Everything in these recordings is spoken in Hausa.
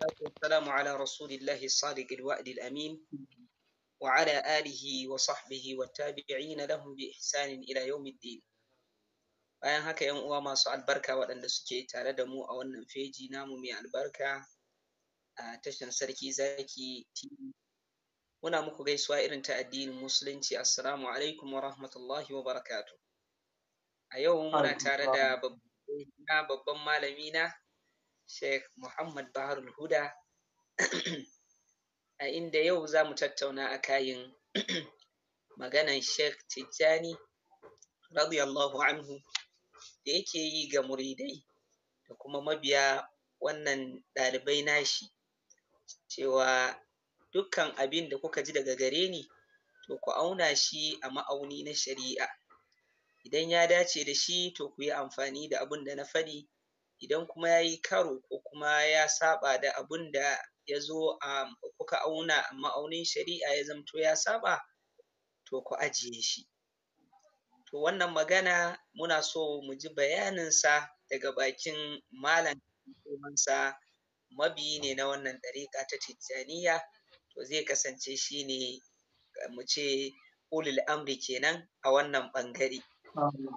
والصلاة والسلام على رسول الله الصادق الوعد الأمين وعلى آله وصحبه والتابعين لهم بإحسان إلى يوم الدين bayan haka yan uwa masu albarka waɗanda suke tare da mu a wannan feji namu mai albarka a tashar sarki zaki tv muna muku gaisuwa irin ta addinin musulunci assalamu alaikum wa rahmatullahi wa barakatu a yau muna tare da babban malami na Sheikh Muhammad Baharul Huda a inda yau za mu tattauna a kayan maganan Sheikh Tijjani radiyallahu anhu da yake yi ga muridai da kuma mabiya wannan ɗalibai nashi cewa dukkan abin da kuka ji daga gare ni to ku auna shi a ma'auni na shari'a idan ya dace da shi to ku yi amfani da abin da na faɗi idan kuma ya yi karo ko kuma ya saɓa da abun da ya zo a kuka auna a ma'aunin shari'a ya zamto ya saɓa to ku ajiye shi to wannan magana muna so mu ji sa daga bakin malam sa mabiyi ne na wannan ɗariƙa ta tijjaniya to zai kasance shi ne mu ce ulul amri kenan a wannan ɓangare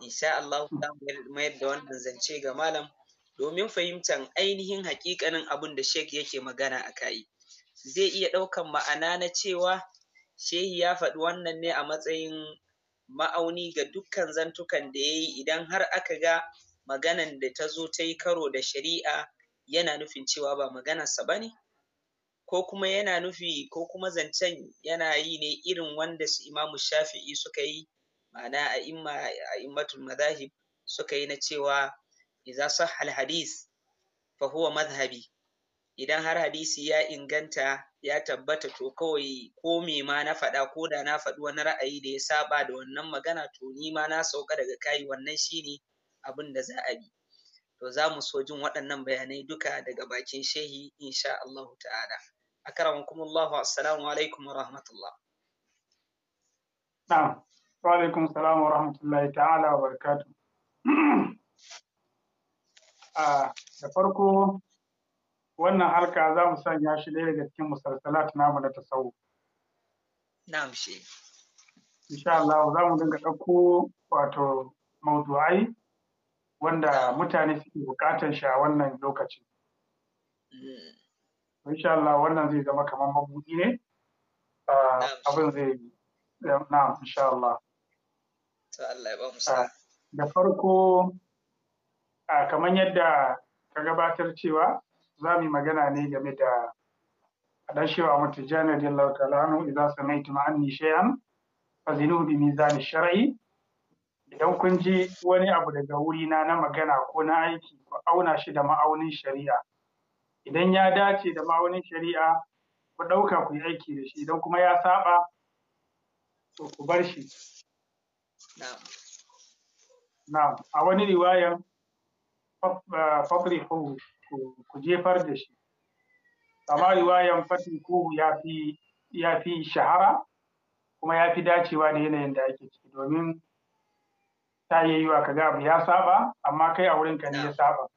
insha Allah za mu mayar da wannan zance ga malam domin fahimtar ainihin hakikanin abin da sheik yake magana a kai zai iya ɗaukan ma'ana na cewa shehi ya faɗi wannan ne a matsayin ma'auni ga dukkan zantukan da ya yi idan har aka ga maganan da ta zo ta yi karo da shari'a yana nufin cewa ba maganarsa ba ne ko kuma yana nufi ko kuma zancen yana yi ne irin wanda su imamu shafi'i suka yi ma'ana a immatul madahib suka yi na cewa idza sahha al hadis fa huwa madhhabi idan har hadisi ya inganta ya tabbata to kawai ko me ma na faɗa ko da na faɗi wani ra'ayi da ya saba da wannan magana to ni ma na sauka daga kai wannan shine abin da za a bi to za mu so jin waɗannan bayanai duka daga bakin shehi insha Allah ta'ala akramakumullah assalamu alaikum wa rahmatullah na'am wa alaikum assalam wa rahmatullahi ta'ala wa barakatuh da farko wannan halka za mu sanya shi ɗaya daga cikin musalsalat namu na tasawu. Na'am shi. Insha Allah za mu dinga ɗauko wato maudu'ai wanda mutane suke buƙatar shi a wannan lokacin. Mm. Insha Allah wannan zai zama kamar mabuɗi ne. Abin zai na'am insha Allah. Da farko a kamar yadda ka gabatar cewa za mu yi magana ne game da haɗar shewa mutu janar da lautalanu idan samaitu ma'anni shayan fazinu za mizani sharai. idan kun ji wani abu daga wurina na magana ko na aiki ko auna shi da ma'aunin shari'a idan ya dace da ma'aunin shari'a ku ɗauka ku yi aiki da shi idan kuma ya saba to ku bar shi na'am a wani riwayan fatrikuhu ku jefar da shi amma riwayan fatrikuhu ya fi ya fi shahara kuma ya fi dacewa da yanayin da ake ciki domin ta yi yiwa ka abu ya saba amma kai a wurinka ne ya saba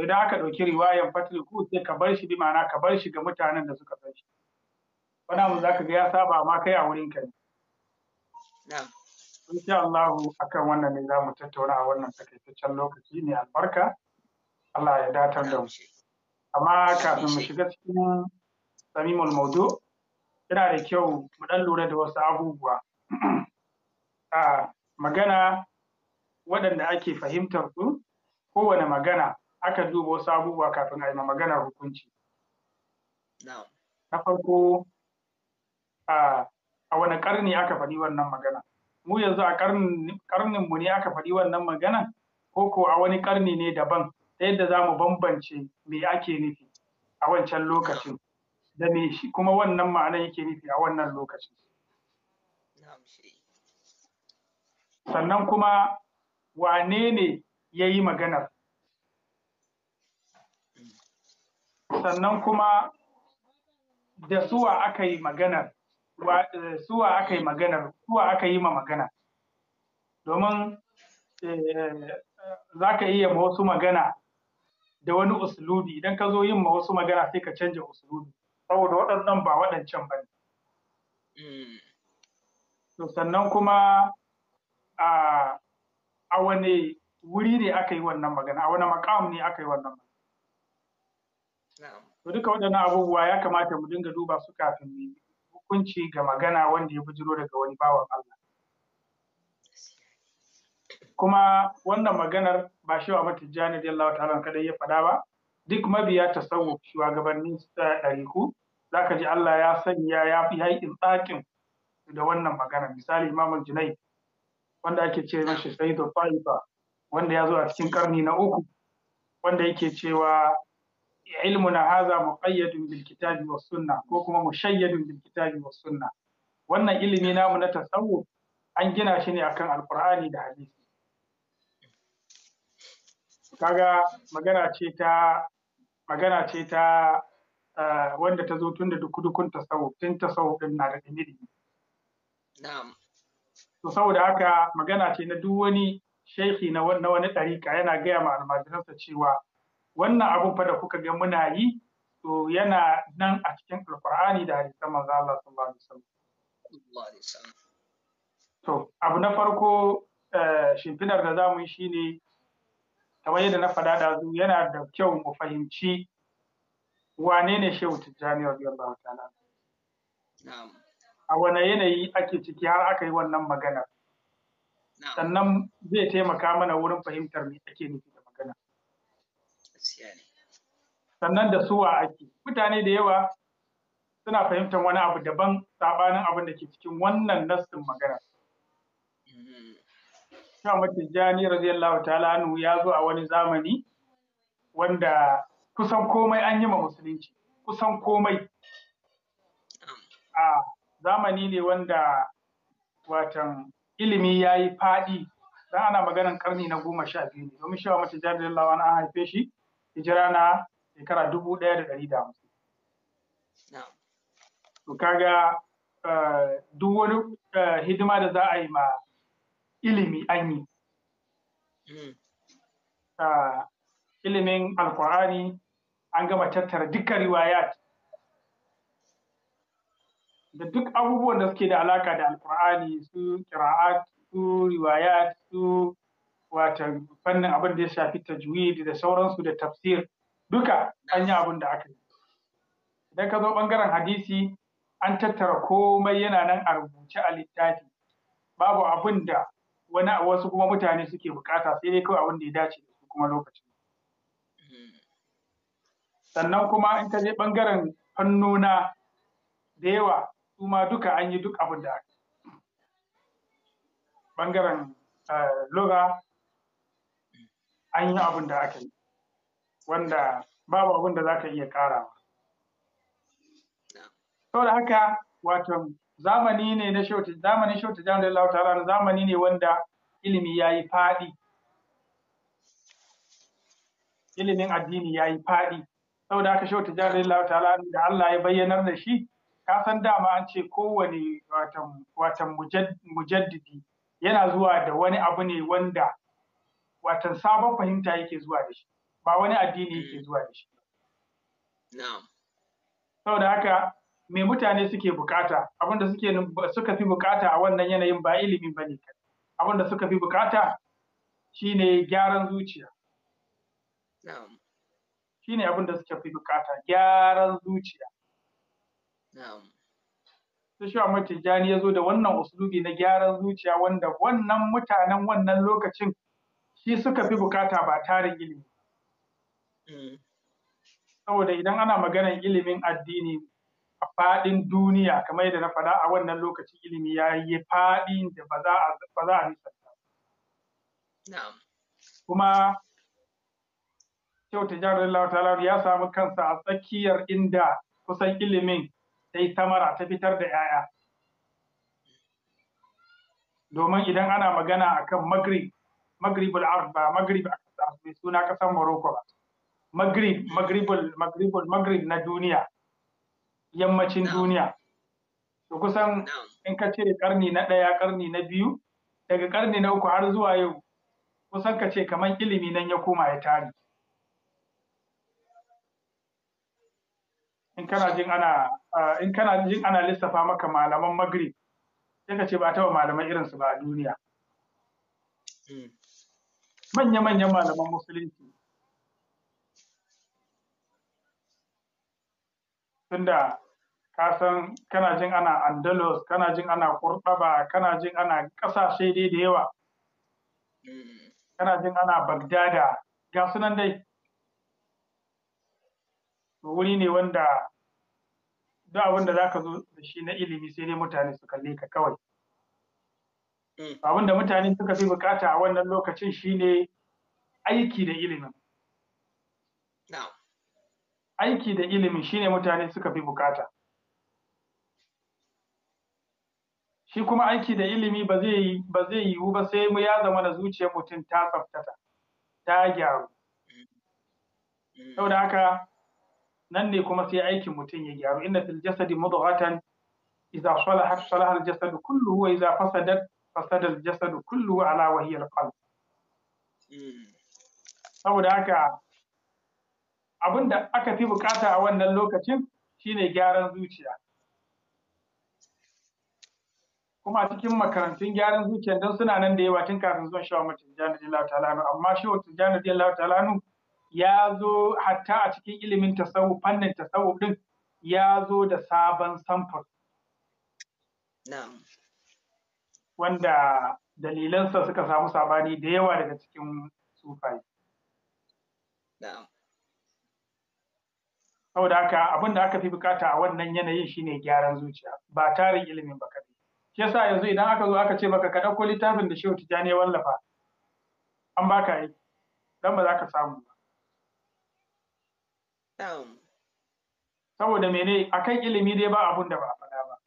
idan aka ɗauki riwayan fatrikuhu sai ka bar shi bi ma'ana ka bar shi ga mutanen da suka bar shi wani abu za ka ga ya saba amma kai a wurinka ne insha Allah akan wannan ne za mu tattauna a wannan takaitaccen lokaci ne albarka Allah ya datar da mu amma kafin mu shiga cikin samimul maudu yana da kyau mu dan lura da wasu abubuwa a magana waɗanda ake fahimtar su kowane magana aka duba wasu abubuwa kafin a yi ma maganar hukunci na farko a wani ƙarni aka faɗi wannan magana mu yanzu a karnin mu ne aka faɗi wannan magana ko ko a wani karni ne daban ta yadda za mu bambance me ake nufi a wancan lokacin da me shi kuma wannan ma'ana yake nufi a wannan lokacin sannan kuma wane ne ya yi maganar sannan kuma da suwa aka yi maganar Eh, suwa aka yi maganar suwa aka yi ma magana domin eh, za ka iya ma wasu magana da wani usulubi idan ka zo yin ma wasu magana sai ka canja usulubi saboda waɗannan ba waɗancan ba ne hmm. sannan kuma a wani wuri ne aka yi wannan magana a wani makam ne aka yi wannan magana to duka waɗannan abubuwa ya kamata mu dinga duba su kafin mu yi hukunci ga magana wanda ya bujiro daga wani bawan Allah. Kuma wannan maganar ba shi wa matijjani da Allah ta'ala kadai ya faɗa ba, duk mabiya ta tasawuf shugabannin ɗariku za ka ji Allah ya sanya ya fi haikin tsakin da wannan maganar, Misali Imam Junai wanda ake ce mashi Sayyidul Fa'ifa wanda ya zo a cikin karni na uku wanda yake cewa ilmuna haza muqayyadun bil kitabi was sunna ko kuma mushayyadun bil kitabi was sunna wannan ilimi namu na tasawuf an gina shi ne akan alqur'ani da hadisi kaga magana ce ta magana ce ta eh, wanda ta zo tun da dukudukun tasawuf tun tasawuf din na da dalili na'am to saboda haka magana ce na duk wani shehi na wani ɗariƙa yana gaya ma almajiransa cewa wannan abun fa da kuka ga muna yi to yana nan a cikin alkur'ani da hadisan manzo Allah sallallahu alaihi wasallam to abu na farko eh, shimfinar da zamu yi shine kamar yadda na faɗa da zu yana da kyau mu fahimci wane ne shehu tijjani radiyallahu ta'ala a wane yanayi ake ciki har aka yi wannan maganar sannan zai taimaka mana wurin fahimtar me ake nufi sannan da suwa ake mutane da yawa suna fahimtar wani abu daban sabanin abin da ke cikin wannan nassin magana mutum mm-hmm. jani radiyallahu ta'ala anhu ya zo a wani zamani wanda kusan komai an yi ma musulunci kusan komai a zamani ne wanda watan ilimi ya yi faɗi dan ana maganan karni na goma sha biyu ne domin shawa mata jami'in lawan an haife shi hijira na shekara dubu ɗaya da ɗari da hamsin. To kaga eh, duk wani eh, hidima da za a yi ma ilimi an yi. Hmm. Ah, ilimin alkur'ani an gama tattara dukkan riwayat da duk abubuwan da suke da alaka da alkur'ani su kira'at su riwayat su wata fannin abin da ya shafi tajwid da sauransu da tafsir duka an yi abin da aka yi idan ka zo ɓangaren hadisi an tattara komai yana nan a rubuce a littafi babu abin da wani wasu kuma mutane suke bukata sai dai kawai abin da ya dace da su kuma lokacin sannan kuma in ka je ɓangaren fannona da yawa su ma duka an yi duk abin da aka Ɓangaren eh, loga an yi abin da aka yi wanda babu abin da za ka iya karawa. da haka wato zamani ne na shautu zamanin shautu jami'ar Allah ta'ala zamani ne wanda ilimi ya yi faɗi. Ilimin addini ya yi faɗi. Sau da haka shauta jami'ar Allah ta'ala da Allah ya bayyanar da shi ka san dama an ce kowane watan mujaddidi yana zuwa da wani abu ne wanda watan sabon fahimta yake zuwa da shi ba wani addini yake zuwa da shi saboda haka me mutane suke bukata abinda suke suka fi bukata a wannan yanayin ba ilimi ba ne abinda suka fi bukata shine gyaran zuciya shine abinda suka fi bukata gyaran zuciya sai shi Ahmad Tijjani ya zo da wannan usulubi na gyaran zuciya wanda wannan mutanen wannan lokacin shi suka fi bukata ba tarin ilimi Hmm. Saboda idan ana maganar ilimin addini a faɗin duniya kamar yadda na faɗa a wannan lokacin ilimi ya yi faɗin da ba za a nisanta. Kuma Shehu Tijjani Lautala ya samu kansa a tsakiyar inda kusan ilimin ta yi samara ta fitar da 'ya'ya. Domin idan ana magana akan Magrib, Maghrib al ba Maghrib mai suna ƙasar Morocco ba. Maghrib, Maghribul, Maghribul, Maghrib na duniya, yammacin duniya. To kusan in ka ce karni na ɗaya, karni na biyu, daga karni na uku har zuwa yau, kusan ka ce kamar ilimi nan ya koma ya tari. In kana jin ana, ah, in kana jin ana lissafa maka malaman Maghrib, sai ka ce ba taɓa malaman irinsu ba a duniya. Hmm. Manya-manyan malaman Musulunci. tunda ka san kana jin ana andalus kana jin ana kurɗaba kana jin ana ƙasashe dai da yawa mm. kana jin ana bagdada ga sunan dai wuri ne wanda duk abin da za ka zo da shi na ilimi sai dai mutane su kalle ka kawai mm. abin da mutane suka fi bukata a wannan lokacin shine aiki da ilimin aiki da ilimi shine mutane suka fi bukata shi kuma aiki da ilimi ba zai yiwu ba sai mu ya zama da zuciyar mutum ta tsaftata ta gyaru saboda haka nan ne kuma sai aikin mutum ya gyaru inda fil jasadi mudghatan idza salahat salaha al jasadu kulluhu wa idza fasadat fasada al kulluhu ala wahiyar qalb hmm. saboda haka abin da aka fi bukata a wannan lokacin shine gyaran zuciya kuma a cikin makarantun gyaran zuciya don suna nan da yawa tun kafin zuwan shawa mace tijjani Lanu, amma shawa tijjani radiyallahu Lanu ya zo hatta a cikin ilimin tasawuf fannin tasawuf din ya zo da sabon samfur wanda dalilansa suka samu sabani da yawa daga cikin sufaye. Na'am. saboda haka abin da aka fi bukata a wannan yanayin shine gyaran zuciya ba tarin ilimin ba kadai shi yasa yanzu idan aka zo aka ce maka ka ɗauko littafin da shehu tijjani ya wallafa an baka yi dan ba za ka samu ba saboda mene akan ilimi dai ba abun da ba a faɗa ba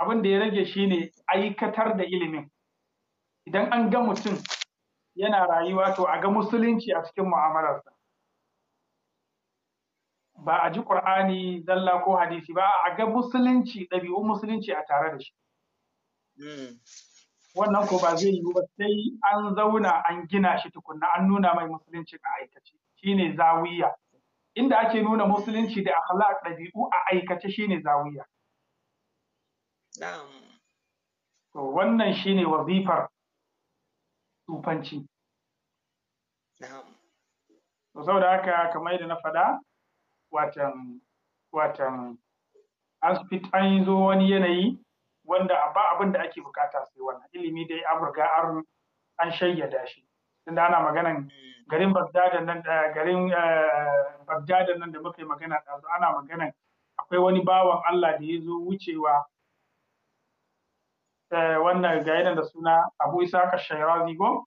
abin da ya rage shine aikatar da ilimin idan an ga mutum yana rayuwa to a ga musulunci a cikin mu'amalarsa ba a ji ƙur'ani zalla ko hadisi ba a ga musulunci ɗabi'un musulunci a tare da shi. Hmm. Wannan ko ba zai yiwu ba sai an zauna an gina shi tukunna an nuna mai musulunci a aikace shine zawiya. Inda ake nuna musulunci da akhlaq ɗabi'u a aikace shine zawiya. To wannan shine wazifar tufanci. To saboda haka kamar yadda na faɗa watan watan an fit an yi zo wani yanayi wanda ba abin da ake bukata sai wannan ilimi dai an riga an an shayyada shi tunda ana maganan garin Bagdad nan eh, garin eh, nan da muka yi magana ɗazu ana maganan akwai wani bawan Allah da ya zo wucewa eh, wannan ga da suna Abu Isa Kashayrazi go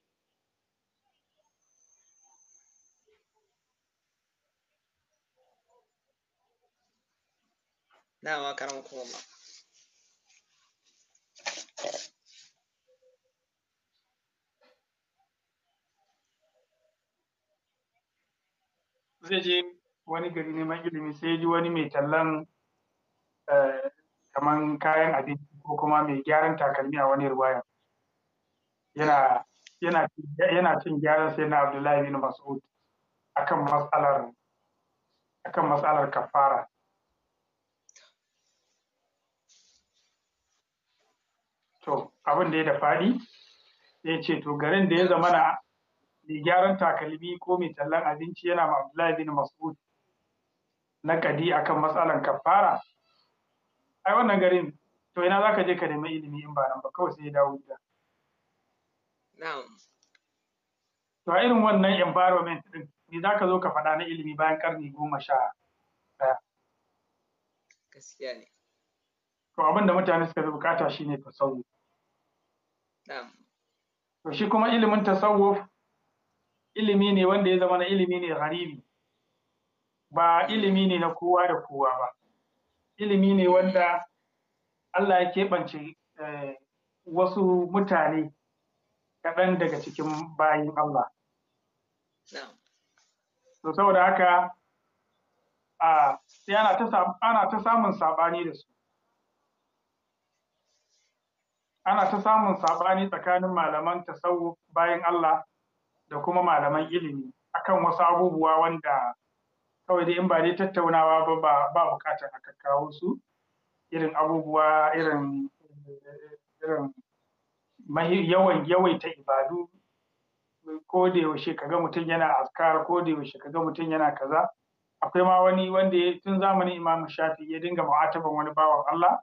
Dama karamar kuma ba. Zai je wani gari neman ilimi sai ji wani mai tallan eh, kaman kayan abinci ko kuma mai gyaran takalmi a wani ruwaya. Yana cin gyaran sai na Abdullahi bin Mas'ud akan matsalar kafara. to abin da ya da faɗi ya ce to garin da ya zama na mai gyaran takalmi ko mai tallan abinci yana ma Abdullahi bin Mas'ud na kadi akan matsalan kafara ai wannan garin to ina zaka je ka nemi ilimi in ba nan ba kawai sai ya dawo gida na'am to a irin wannan environment din ni zaka zo ka faɗa na ilimi bayan karni goma sha ɗaya gaskiya ne to abin da mutane suka fi bukata shine tasawuf to shi kuma ilimin tasawuf ilimi ne wanda ya zama na ilimi ne gharibi ba ilimi ne na kowa da kowa ba ilimi ne wanda Allah ya keɓance eh, wasu mutane kaɗan daga cikin bayin Allah. To saboda haka ah, a ana ta samun saɓani da su. ana ta samun saɓani tsakanin malaman tasawuf bayan Allah da kuma malaman ilimi akan wasu abubuwa wanda kawai da in ba ne tattaunawa ba ba bukatar a kakkawo su irin abubuwa irin irin yawan yawaita ibadu ko da yaushe kaga mutum yana askar ko da yaushe kaga mutum yana kaza akwai ma wani wanda ya tun zamanin imamu shafi ya dinga ma'atabar wani bawan Allah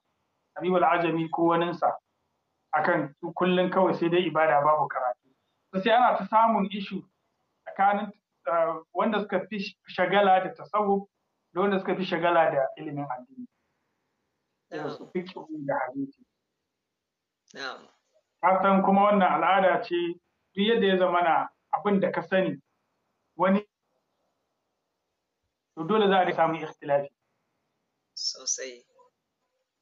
habibul ajami ko waninsa akan kullum kawai sai dai ibada babu karatu sai ana ta samun ishu tsakanin eh, wanda suka fi shagala da tasawu, da wanda suka fi shagala da ilimin addini su ka san kuma wannan al'ada ce duk yadda ya zama na abin da ka sani wani to dole za a samu ikhtilafi sosai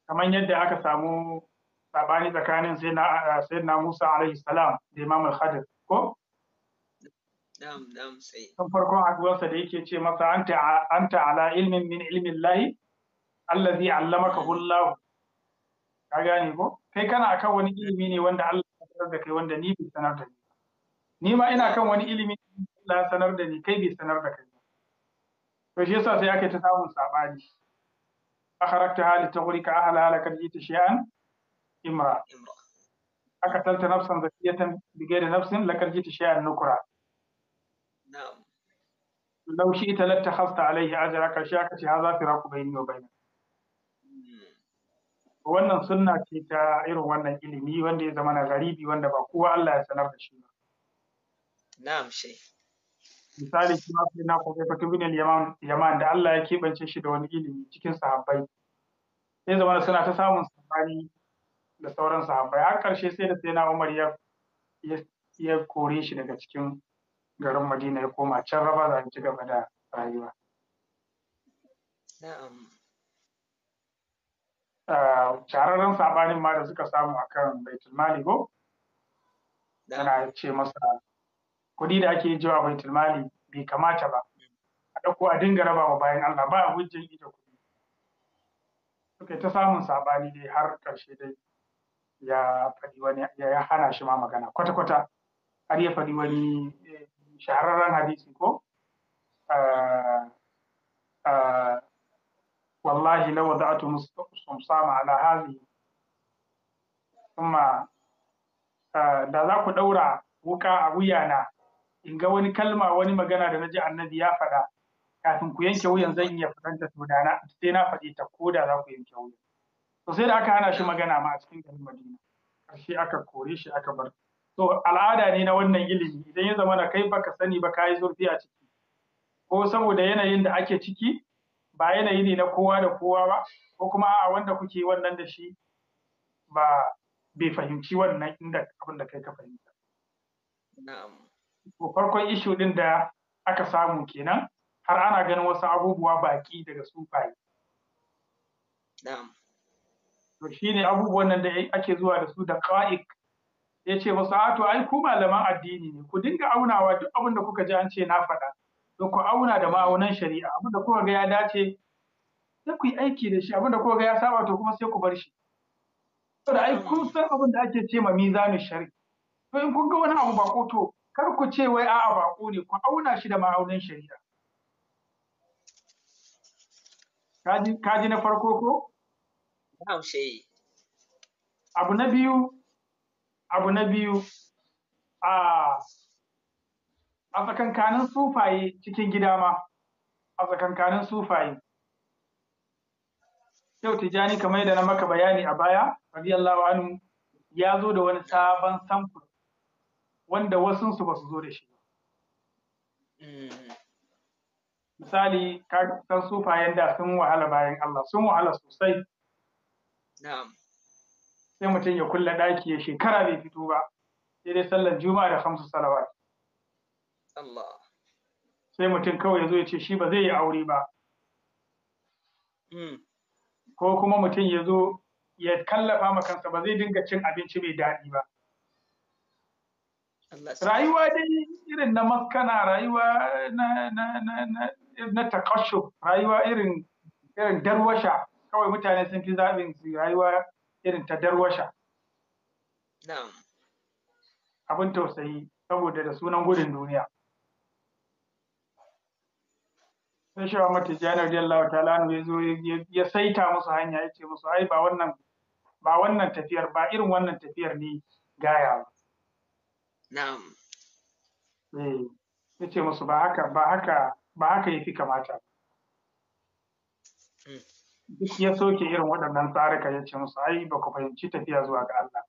kamar yadda aka samu sabani tsakanin sai na Musa alaihi salam da Imam al-Khadir ko Na'am, na'am sai. Kan farkon haduwarsa da yake ce masa anta anta ala ilmin min ilmin lahi allazi allamaka Allah. Ka gane ko? Kai kana akan wani ilimi ne wanda Allah ya sanar da kai wanda ni bai sanar da ni. Ni ma ina kan wani ilimi ne Allah ya sanar da ni kai bai sanar da kai. To shi yasa sai aka ta samun sabani. Akharakta hali ta gurika ahla halakar jita shi'an imra aka talta nafsan zakiyatan bigayri nafsin laqad jita shay'an nukra na'am law shi'ta lattakhasta alayhi ajra ka sha ka ce hmm. wannan sunna ce ta irin wannan ilimi wanda ya zama na garibi wanda ba kowa Allah ya sanar da shi ba na'am misali shi ma sai na kuma ya tubin al-yaman da Allah ya kebance shi da wani ilimi cikin sahabbai sai zama suna ta samun sabani da sauran sahabbai har karshe sai da sayyidina Umar ya ya kore shi daga cikin garin Madina ya koma can raba za ci gaba da rayuwa na'am ah, sabanin ma da suka samu akan baitul mali yana ce masa kuɗi da ake jiwa baitul mali bai kamata ba a ɗauko a dinga raba wa bayan Allah ba a hujjan ita kuɗi suka ta samun sabani dai har ƙarshe dai ya faɗi wani ya hana shi ma magana kwata-kwata har ya faɗi wani eh, shahararren hadisi ko eh, eh, wallahi law wada'tu sumsama ala hazi kuma da za ku ɗaura wuka a wuyana in ga wani kalma wani magana da na ji annabi ya faɗa kafin ku yanke wuyan zan iya fadanta to da sai na faɗi ta ko da za ku yanke wuyan to sai da aka hana shi magana ma a cikin garin madina karshe aka kore shi aka bar to al'ada ne na wannan ilimi idan ya zama na kai baka sani ba kai zurfi a ciki ko saboda yanayin da ake ciki ba yanayi ne na kowa da kowa ba ko kuma a wanda kuke wannan da shi ba bai fahimci wannan inda abin da kai ka fahimta na'am farkon ishu din da aka samu kenan har ana ganin wasu abubuwa baki daga sufaye na'am to ne abubuwan nan da ake zuwa da su da qa'ik ya ce ba, a to ai ku malaman addini ne ku dinga aunawa duk abin da kuka ji an ce na faɗa to ku auna da ma'aunan shari'a abin da kuka ga ya dace sai ku yi aiki da shi abin da kuka ga ya saba to kuma sai ku bar shi saboda ai kun san abin da ake ce ma mizanin shari'a to in kun ga wani abu bako to kar ku ce wai a'a bako ne ku auna shi da ma'aunan shari'a kaji na farko ko abu na biyu abu na biyu a tsakankanin sufaye cikin gida ma a tsakankanin sufaye yau tijani kamar yadda na maka bayani a baya radiyallahu anhu ya zo da wani sabon samfur wanda wasu su ba su zo da shi mm-hmm. misali kan sufayen da sun wahala bayan Allah sun wahala sosai sai mutum ya kulle ɗaki ya shekara bai fito ba sai dai sallar juma'a da hamsu salawat sai mutum kawai ya zo ya ce shi ba zai yi aure ba hmm. ko kuma mutum ya zo ya kallafa makansa ba zai dinga cin abinci mai daɗi ba rayuwa dai irin na maskana rayuwa na na rayuwa irin irin darwasha kawai mutane sun fi zaɓin su rayuwa irin ta darwasha abin tausayi saboda da sunan gudun duniya sai shi wa Allah radiyallahu ta'ala ya zo ya saita musu hanya ya ce musu ai ba wannan ba wannan tafiyar ba irin wannan tafiyar ne gaya ba na'am eh ya ce musu ba haka ba haka ba haka yafi kamata duk ya soke irin waɗannan tsarika ya ce musu ai ba ku fahimci tafiya zuwa ga Allah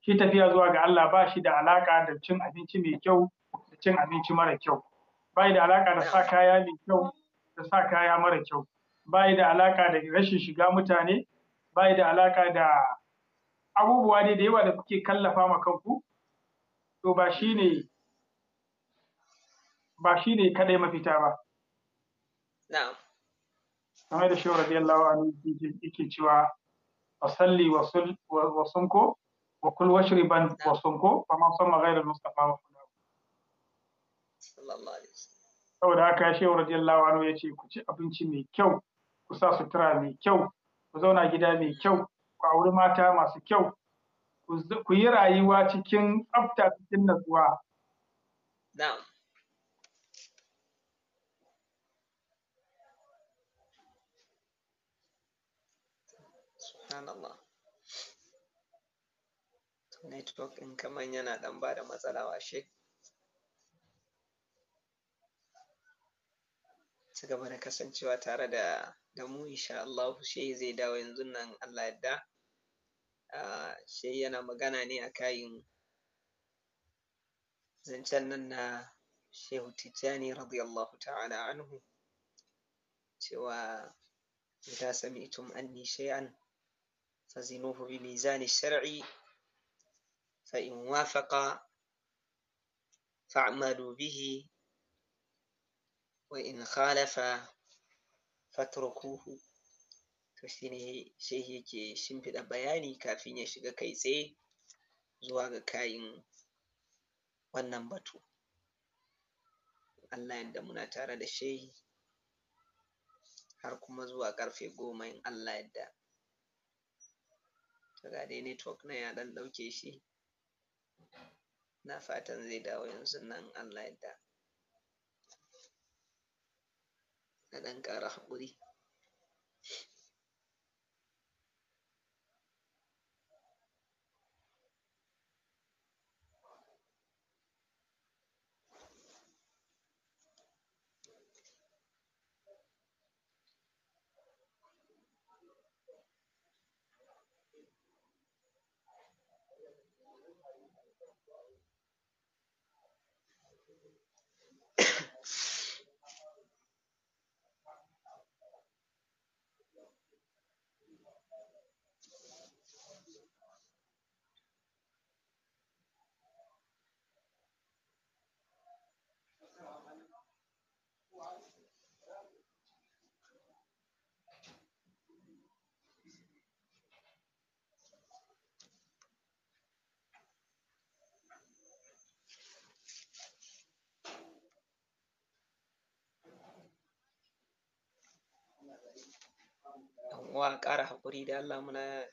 shi tafiya zuwa ga Allah ba shi da alaka da cin abinci mai kyau da cin abinci mara kyau ba da alaka da sa kaya mai kyau da sa kaya mara kyau ba da alaka da rashin shiga mutane ba da alaka da abubuwa ne da yawa da kuke kallafa ma kanku to ba shi ne ba shi ne kadai mafita ba na'am kamar da shehu radiyallahu anhu yake cewa salli wa sunko wa kul washriban wa sunko ba ma sama mustafa wa kula saboda haka shehu radiyallahu ya ce ku ci abinci mai kyau ku sa sutura mai kyau ku zauna gida mai kyau ku auri mata masu kyau ku yi rayuwa cikin tsafta cikin natsuwa na'am subhanallah network ɗin kaman yana ɗan ba da matsala washe ci gaba da kasancewa tare da da mu insha Allah zai dawo yanzu nan Allah yadda shehi yana magana ne a kayin zancen nan na shehu tijjani radiyallahu ta'ala anhu cewa إذا tum anni an. فزنوه بميزان الشرع فإن وافق فاعملوا به وإن خالف fatrukuhu to shine shehi yake shimfiɗa bayani kafin ya shiga kai tsaye zuwa ga kayan wannan batu Allah yadda muna tare da shehi har kuma zuwa karfe goma in Allah yadda ga dai network na ya ɗan ɗauke shi na fatan zai dawo yanzu nan Allah da na ɗan ƙara haƙuri Kowa ƙara haƙuri da Allah muna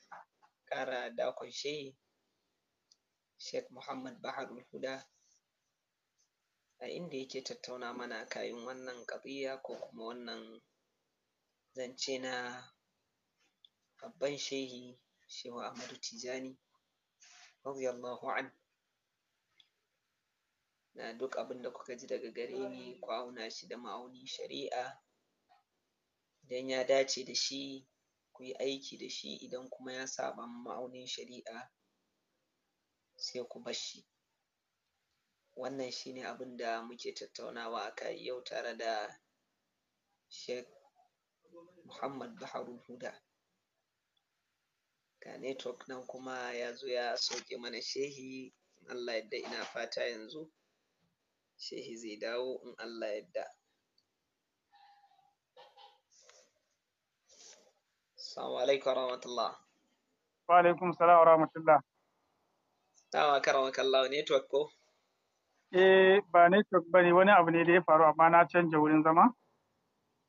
ƙara dakon shi Sheikh Muhammad Baharul Huda a inda yake tattauna mana kayan wannan ƙabiya ko kuma wannan zance na babban shehi Shehu Ahmadu Tijani radiyallahu an na duk abin da kuka ji daga gare ni ku auna shi da ma'auni shari'a idan ya dace da shi ku yi aiki da shi idan kuma ya saɓa ma'aunin shari'a sai ku bar shi wannan shi ne abin da muke tattaunawa a kai yau tare da Sheikh Muhammad Baharu Huda ga network nan kuma ya zo ya sauke mana shehi Allah yadda ina fata yanzu shehi zai dawo in Allah yadda Assalamu alaikum wa rahmatullah. Wa alaikum salam wa rahmatullah. Dama karamaka Allah network ko? Eh ba network bane wani abu ne da ya faru amma na canja wurin zama.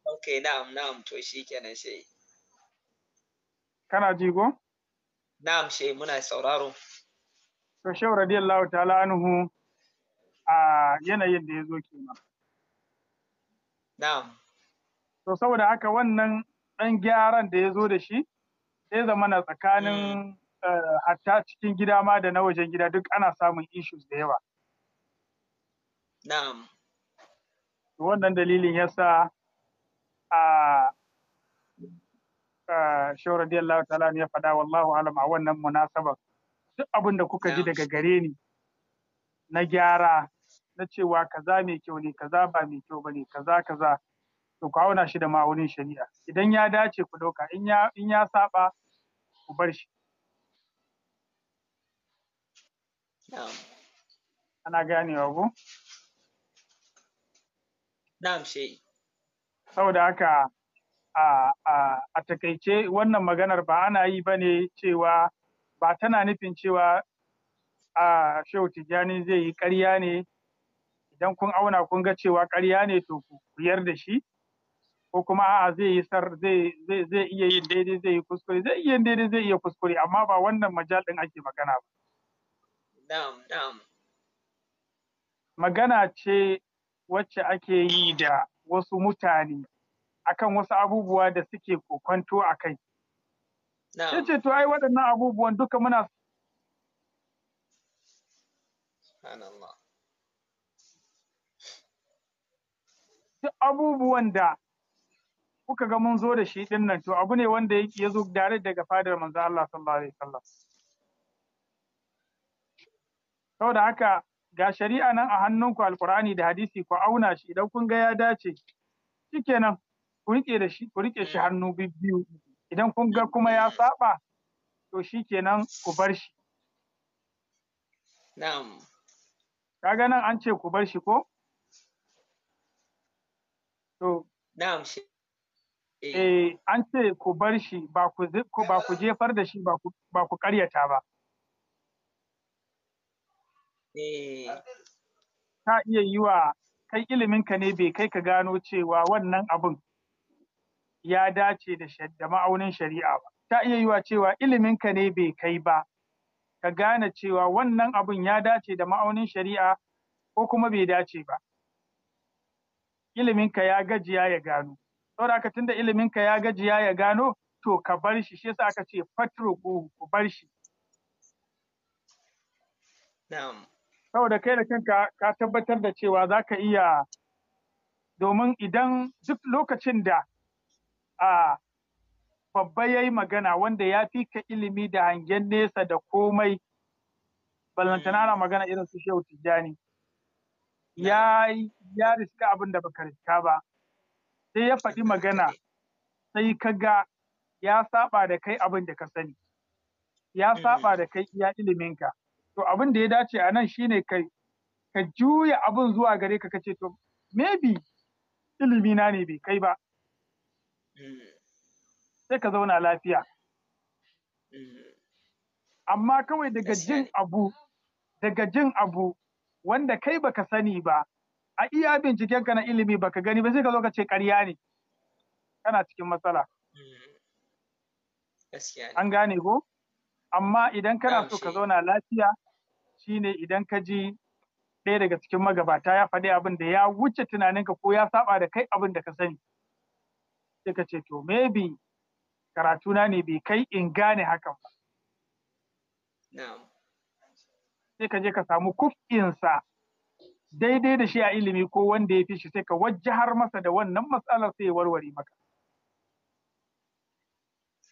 Ok na am-na am to shi kenan sai. Kana ji go? Na'am shi muna sauraro. To shehu radiyallahu ta'ala anhu a yanayin da ya zo ke kenan. Na'am. To saboda haka wannan Dan gyaran da ya zo da shi sai zama na tsakanin mm. eh, hatta cikin gida ma da na wajen gida duk ana samun issues da yawa. Na'am. Wannan dalilin ya sa a Shehu radiyallahu ta'ala ya faɗa wallahu alam a wannan munasabar duk abin da kuka ji daga gare ni na gyara na cewa kaza mai kyau ne kaza ba mai kyau ba ne kaza kaza to ku auna shi da ma'aunin shari'a idan ya dace ku ɗauka in ya in saba ku bar shi ana ganewa ko na'am saboda haka a takaice wannan maganar ba ana yi ba ne cewa ba tana nufin cewa a shehu tijjani zai yi ƙarya ne idan kun auna kun ga cewa ƙarya ne to ku da shi ko kuma a'a zai yi sar zai zai iya yin daidai zai yi kuskure zai iya yin daidai zai iya kuskure amma ba wannan majal din ake magana ba na'am na'am magana ce wacce ake yi da wasu mutane akan wasu abubuwa da suke kokonto a kai sai ce to ai waɗannan abubuwan duka muna Duk abubuwan da kuka ga mun zo da shi din nan to abu ne wanda yake ya zo dare daga fadar manzo Allah sallallahu alaihi wasallam saboda haka ga shari'a nan a hannunku alqur'ani da hadisi ku auna shi idan kun ga ya dace shikenan ku rike da shi ku rike shi hannu biyu idan kun ga kuma ya saba to shikenan ku bar shi na'am kaga nan an ce ku bar shi ko to na'am Eh. eh an ce ku bar shi ba ku jefar da shi ba ku karyata ba eh. ta iya yi wa kai iliminka ne bai kai ka gano cewa wannan abin ya dace da ma'aunin shari'a ba ta iya yi wa cewa iliminka ne bai kai ba ka gane cewa wannan abun ya dace da ma'aunin shari'a ko kuma bai dace ba iliminka ya gajiya ya gano saboda haka tunda ilimin ka ya gajiya ya gano to ka bar shi shi yasa aka ce fatru ku bar shi na'am saboda kai da kanka ka tabbatar da cewa zaka iya domin idan duk lokacin da a babba ya yi magana wanda ya fi ka ilimi da hangen nesa da komai ballantana ana hmm. magana irin su shehu tijjani ya ya riska abin da baka riska ba sai ya faɗi magana sai ka ga ya saɓa da kai abin da ka sani ya mm. saɓa da kai iya iliminka to abin da ya dace a nan shine kai ka juya abin zuwa gare ka kace to maybe ilimi na ne bai kai ba mm. sai ka zauna lafiya mm. amma kawai daga jin abu daga jin abu wanda kai baka sani ba a iya binciken ka na ilimi baka gani ba sai ka zo ka ce ƙarya ne kana cikin matsala hmm. an gane ko amma idan kana so ka zauna lafiya shine idan ka ji ɗaya daga cikin magabata ya faɗi abin da ya wuce tunaninka ko ya saba da kai abin da ka sani sai ka ce to maybe karatuna ne bai kai in gane hakan ba sai ka je ka samu kufinsa daidai da shi a ilimi ko wanda ya fi shi sai ka wajji har masa da wannan matsalar sai ya warware maka.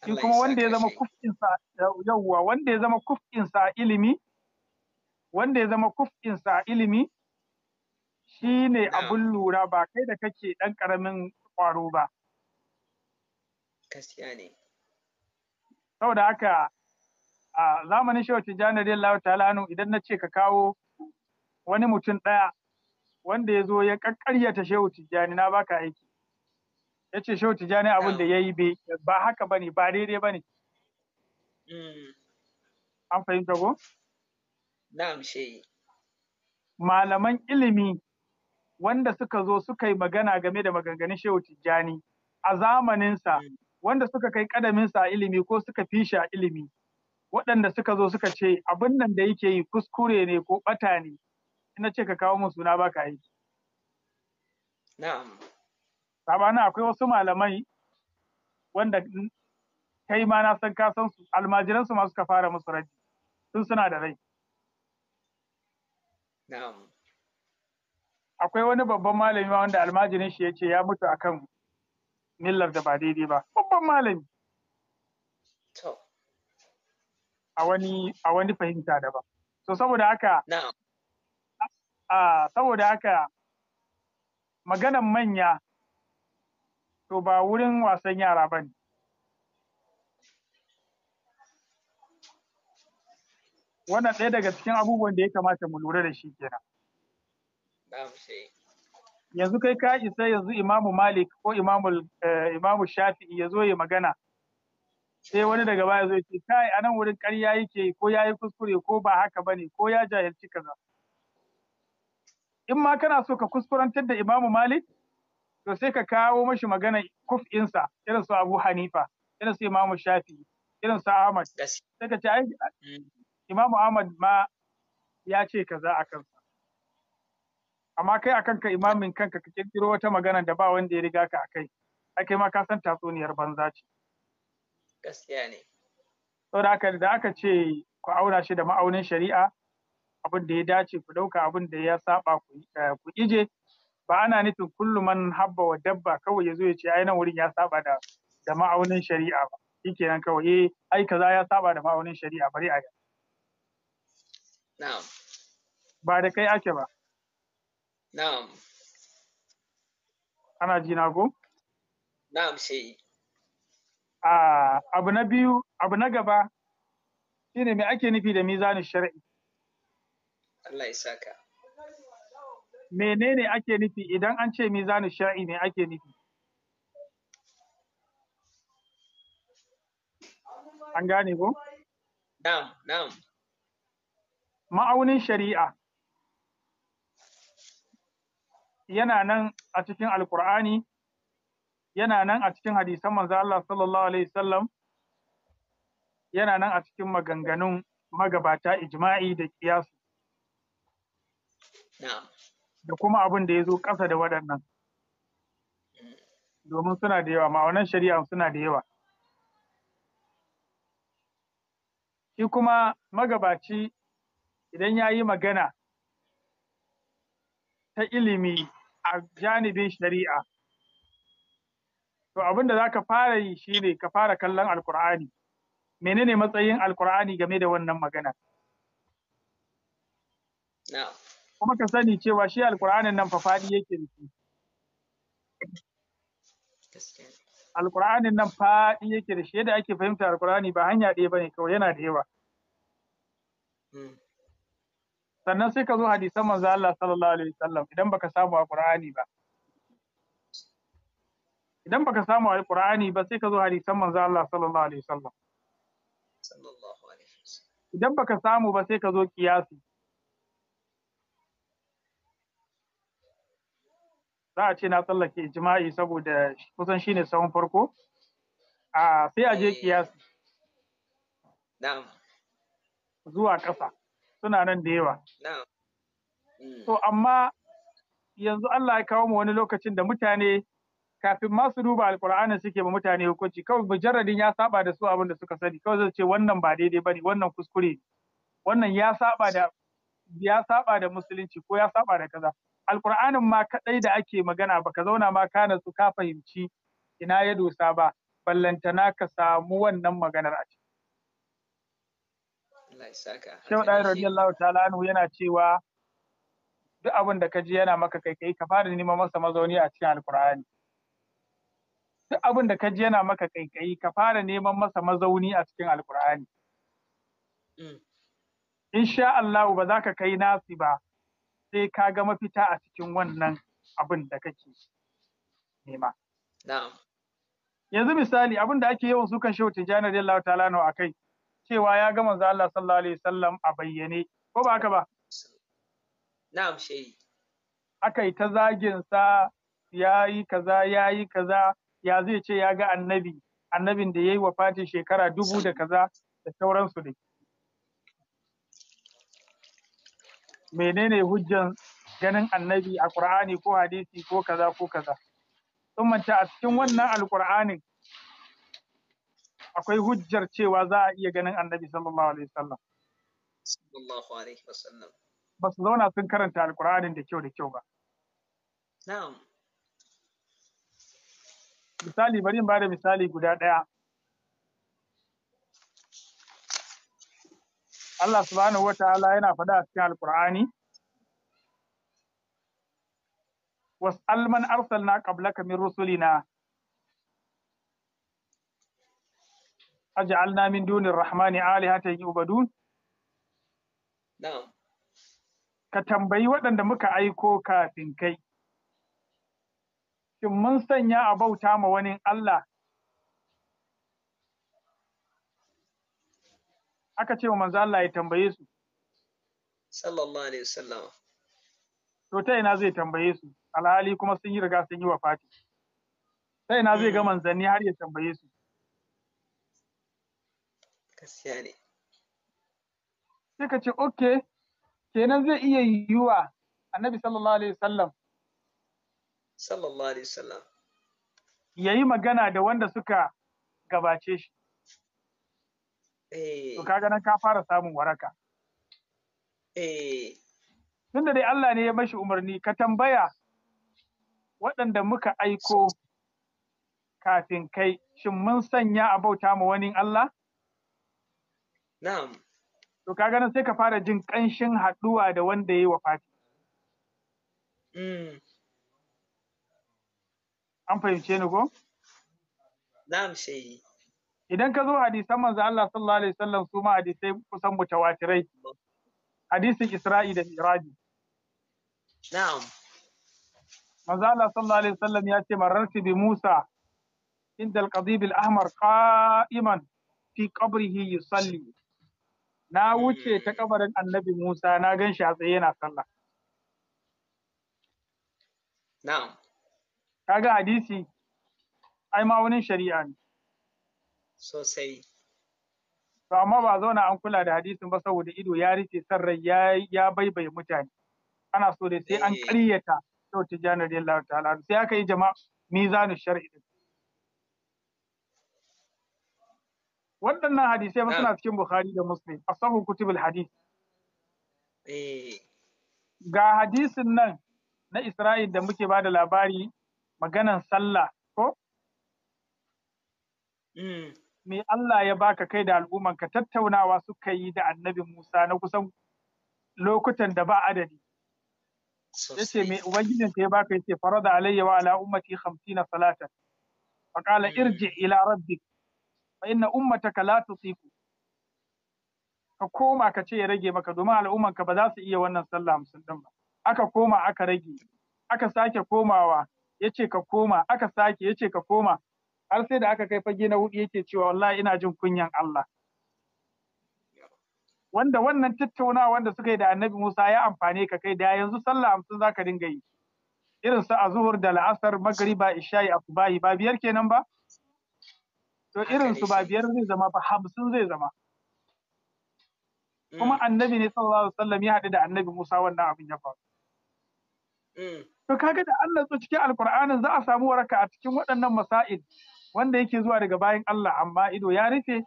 In kuma wanda ya zama kufkinsa yawwa wanda ya zama kufkinsa a ilimi wanda ya zama kufkinsa a ilimi shi ne abun lura ba kai da kake ɗan ƙaramin ƙwaro ba. Kasiya ne. da haka a zamanin shehu Tijjani idan na ce ka kawo wani mutum ɗaya wanda ya zo ya ƙaƙƙaryata shehu tijjani na baka aiki ya ce shehu tijjani abin da ya yi ba haka ba ne ba daidai ba ne mm. an fahimta ko? na'am shehi malaman ilimi wanda suka zo suka yi magana game da maganganun shehu tijjani a zamaninsa mm. wanda suka kai ƙadaminsa a ilimi ko suka fi shi a ilimi waɗanda suka zo suka ce abin nan da yake yi kuskure ne ko ɓata ne na ce ka kawo mun suna ba ka yi. akwai wasu malamai wanda kai ma na san ka san su almajiran su ma suka fara musu rai tun suna da rai. Akwai wani babban malami wanda almajirin shi ya ce ya mutu akan millar da ba daidai ba. Babban malami. A wani fahimta daban. So saboda haka. saboda haka maganan manya to ba wurin wasan yara ba ne. Wannan ɗaya daga cikin abubuwan da ya kamata mu lura da shi kenan. Yanzu kai ka isa yanzu Imamu Malik ko eh, Imamu Shafi'i ya zo ya magana. Sai wani daga baya zo ce kai a nan wurin ƙarya yake ko ya yi kuskure ko ba haka ba ne ko ya jahilci kaza. in ma kana so ka kuskurantar da Imamu Malik to sai ka kawo mashi magana kuf'insa irin su Abu Hanifa irin su Imamu Shafi irin su Ahmad sai ka ce mm. Imamu Ahmad ma ya ce kaza a kansa amma kai akan ka imamin kanka ka kirkiro wata magana da ba wanda ya riga ka akai akai ma ka san tatsuniyar banza ce gaskiya ne saboda haka da aka ce ku auna shi da ma'aunin shari'a abin da ya dace ku ɗauka abin da ya saba eh, ku ije ba ana nufin kullum man habba wa dabba kawai ya zo ya ce ai nan wurin ya saba da da ma'aunin shari'a ba shikenan kawai eh ai kaza ya saba da ma'aunin shari'a bari a na'am ba da kai ake ba na'am ana ji na ko na'am sai a ah, abu na biyu abu na gaba shine me ake nufi da mizanin shari'a? Allah ya saka menene ake nufi idan an ce mizanin sha'i ne ake nufi an gane ko na'am na'am ma'aunin shari'a yana nan a cikin Alƙur'ani, yana nan a cikin hadisan manzo Allah sallallahu alaihi wasallam yana nan a cikin maganganun magabata ijma'i da qiyas da kuma abin da ya zo ƙasa da waɗannan domin suna da yawa ma'aunan shari'a suna da yawa shi kuma magabaci idan ya yi magana ta ilimi a janibin shari'a to abin da za ka fara yi shine ka fara kallon alkur'ani menene matsayin alkur'ani game da wannan magana kuma ka sani cewa shi alkur'anin nan fa faɗi yake da shi alkur'anin nan faɗi yake da shi yadda ake fahimta alkur'ani ba hanya ɗaya bane kawai yana da yawa hmm. sannan sai ka zo hadisan manzo Allah sallallahu alaihi wasallam idan baka samu alkur'ani ba idan baka samu alkur'ani ba sai ka zo hadisan manzo Allah sallallahu alaihi wasallam idan baka samu ba sai ka zo kiyasi za a ce na tsallake jima'i saboda kusan shi ne sahun farko a sai a je eh. kiyasi zuwa ƙasa suna nan da yawa mm. to amma yanzu Allah ya kawo mu wani lokacin da mutane kafin ma su duba alkur'anin suke ma mutane hukunci kawai mujarradin ya saba da su abin da suka sani kawai zai ce wannan ba daidai bane wannan kuskure wannan ya saba da ya saba da musulunci ko ya saba da kaza alƙur'anin ma kaɗai da ake magana baka zauna ma ka su ka fahimci ina ya dosa ba ballantana ka samu wannan maganar a ciki. Shehu Ɗaya radiyallahu ta'ala anhu yana cewa duk abin da ka ji yana maka kai kai ka fara neman masa mazauni a cikin alƙur'ani. Duk abin da ka ji yana maka kai kai ka fara neman masa mazauni a cikin alƙur'ani. Mm. Insha Allah ba za ka kai nasi ba sai ka ga mafita a cikin wannan abin da kake nema. Yanzu misali abin da ake yawan sukan shehu Tijjani radiyallahu ta'ala nawa kai, cewa ya ga manzo Allah sallallahu alaihi wasallam a bayyane ko ba haka ba? Na'am shehi. Aka yi ta zagin sa ya yi kaza ya yi kaza ya zai ce ya ga annabi annabin da ya yi wa fati shekara dubu da kaza da sauransu da ke. menene hujjan ganin annabi a Qur'ani ko hadisi ko kaza ko kaza sun manta a cikin wannan alƙur'anin akwai hujjar cewa za a iya ganin annabi sallallahu alaihi wasallam sallallahu alaihi wasallam ba su zauna sun karanta alƙur'anin da kyau da kyau ba na'am misali bari in ba da misali guda ɗaya Allah subhanahu wata'ala yana faɗa a cikin alkur'ani was'al man arsalna qablaka min rusulina aj'alna min dunir rahmani alihatan yubadun ka tambayi waɗanda muka aiko kafin kai shin mun sanya a bauta ma wani Allah aka ce wa manzo Allah ya tambaye su sallallahu alaihi wasallam to ta ina zai tambaye su alhali kuma sun yi riga sun yi wafati ta ina zai ga hmm. manzanni har ya tambaye su gaskiya ne sai ka ce okay kenan zai iya yiwuwa annabi sallallahu alaihi wasallam sallallahu alaihi wasallam yayi magana da wanda suka gabace shi Eh. to kaga nan ka fara samun waraka eh. tunda dai Allah ne ya mashi umarni ka tambaya waɗanda muka aiko kafin kai shin mun sanya a bauta ma wani Allah na'am to kaga nan sai ka fara jin ƙanshin haɗuwa da wanda ya yi wafati mm. an fahimce ni ko na'am shi. idan ka zo hadisan manzo Allah sallallahu alaihi wasallam su ma hadisai kusan mutawatirai hadisin Isra'i da Miraji na'am manzo Allah sallallahu alaihi wasallam ya ce mararti bi Musa inda al-qadib al-ahmar qa'iman fi qabrihi yusalli na wuce ta hmm. kabarin annabi Musa na gan shi a tsaye yana sallah na'am kaga hadisi ai ma wani shari'a ne sosai to amma ba zauna an kula da hadisin ba saboda ido ya rike san rai ya baibaye mutane ana so da sai an ƙaryata sau da radiyallahu ta'ala sai aka yi jama'a mizanu shar'i waɗannan hadisai suna cikin Bukhari da Muslim a sahu kutubul hadis. Eh. Ga hadisin nan na Isra'il da muke ba da labari maganan sallah ko? Hmm. me Allah ya baka kai da al'umman ka tattaunawa suka yi da annabi Musa na kusan lokutan da ba adadi Ya ce me ubangijin ya baka yace farada alayya wa ala ummati 50 salatan fa qala hmm. irji ila rabbik fa inna ummataka la tusifu ka koma ka ce ya rage maka domin al'umman ka ba za su iya wannan sallah 50 din ba aka koma aka rage aka sake komawa yace ka koma aka sake yace ka koma har sai da aka kai fage na hudu yake cewa wallahi ina jin kunyan Allah wanda wannan tattaunawa wanda suka yi da annabi Musa ya amfane ka kai da yanzu sallah hamsin zaka dinga yi irin su zuhur da la'asar magriba isha'i asubahi ba biyar kenan ba to irin su ba biyar zai zama ba hamsin zai zama mm. kuma annabi ne sallallahu alaihi wasallam ya haɗu da annabi Musa wannan abin ya faru mm. to kaga da Allah cikin alkur'anin za a samu waraka a cikin waɗannan masa'il wanda yake zuwa daga bayan Allah amma ido ya rufe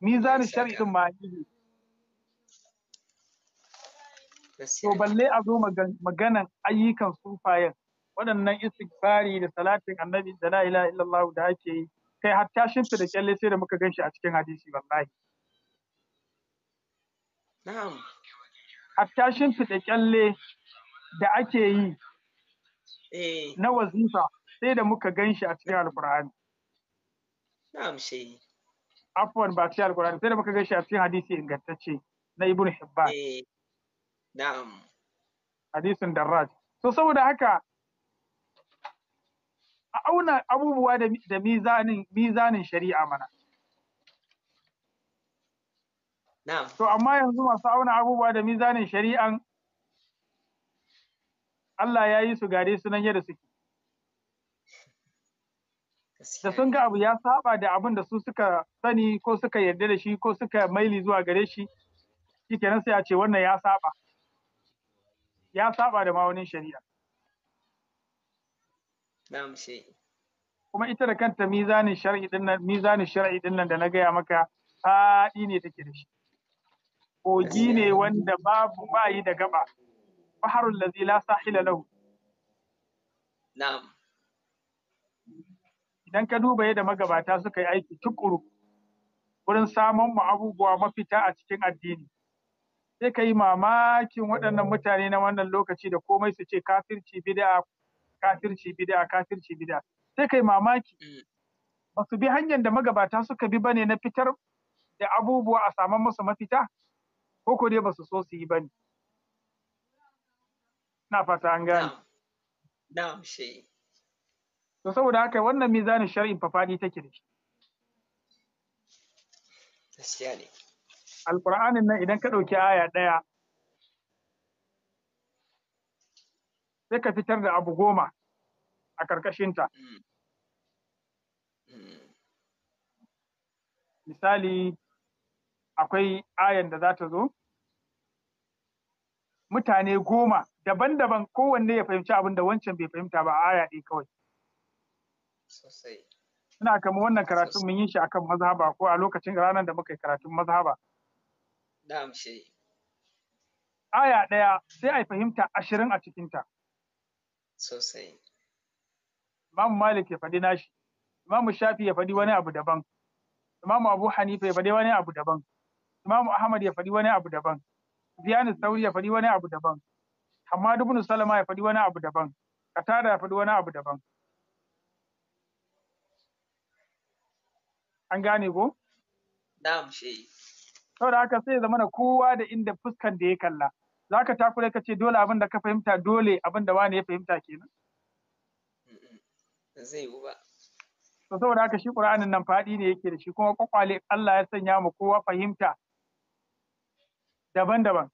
ni shar'i din ma To balle a zo maganan ayyukan sufayen waɗannan istighfari da salatin annabi da la ilaha illallah da ake yi kai hatta shimfi da kyalle sai da muka ganshi a cikin hadisi wallahi. Na'am. Hatta shimfi da kyalle da ake yi eh. na wazifa sai da muka gan shi a cikin alkur'ani na'am sai afwan ba cikin alkur'ani sai da muka gan shi a cikin hadisi ingantacce na ibn hibban eh, na'am hadisin darraj so saboda haka a auna abubuwa da mizanin mizanin shari'a mana na'am to amma yanzu masu auna abubuwa da mizanin shari'an Allah ya yi su gare su nan yadda suke da sun ga abu ya saba da abin da su suka sani ko suka yarda da shi ko suka maili zuwa gare shi kenan sai a ce wannan ya saba ya saba da ma'aunin shari'a kuma ita da kanta mizanin shar'i din nan da na gaya maka faɗi ne take da shi kogi ne wanda babu bayi da gaba baharul ladzi la sahila lahu idan ka duba yadda magabata suka yi aiki tukuru wurin samun mu abubuwa mafita a cikin addini sai ka yi mamakin waɗannan mutane na wannan lokaci da komai su ce kafirci bid'a kafirci bid'a kafirci bid'a sai ka yi mamaki mm. ba su bi hanyar da magabata suka bi bane na fitar da abubuwa a saman musu mafita ko ko dai ba su so su yi bane na fata an gane na'am shi to saboda haka wannan mizanin fa fafadi take da shi gaskiya ne alqur'anin nan idan ka ɗauki aya ɗaya sai ka fitar da abu goma a ƙarƙashinta mm. Mm. misali akwai ayan da za ta zo mutane goma daban-daban kowanne ya fahimci abin da wancan bai fahimta ba aya ɗaya kawai Ina kama wannan karatun mun yi shi akan mazhaba ko a lokacin ranar da muka yi karatun mazhaba. Na'am shi. Aya ɗaya sai a fahimta ashirin a cikinta. Sosai. Imam Malik ya faɗi nashi, Imam Shafi ya faɗi wani abu daban, Imam Abu Hanifa ya faɗi wani abu daban, Imam Ahmad ya faɗi wani abu daban, Ziyanu Sauri ya faɗi wani abu daban, Hamad ibn Salama ya faɗi wani abu daban, Katada ya faɗi wani abu daban. an gane ko na'am shi saboda haka sai ya zama kowa da inda fuskan da ya kalla za ka takure ka ce dole abin da ka fahimta dole abin da wani ya fahimta kenan zai yi ba saboda haka shi ƙura'anin nan faɗi ne yake da shi kuma kwakwale Allah ya sanya mu kowa fahimta daban-daban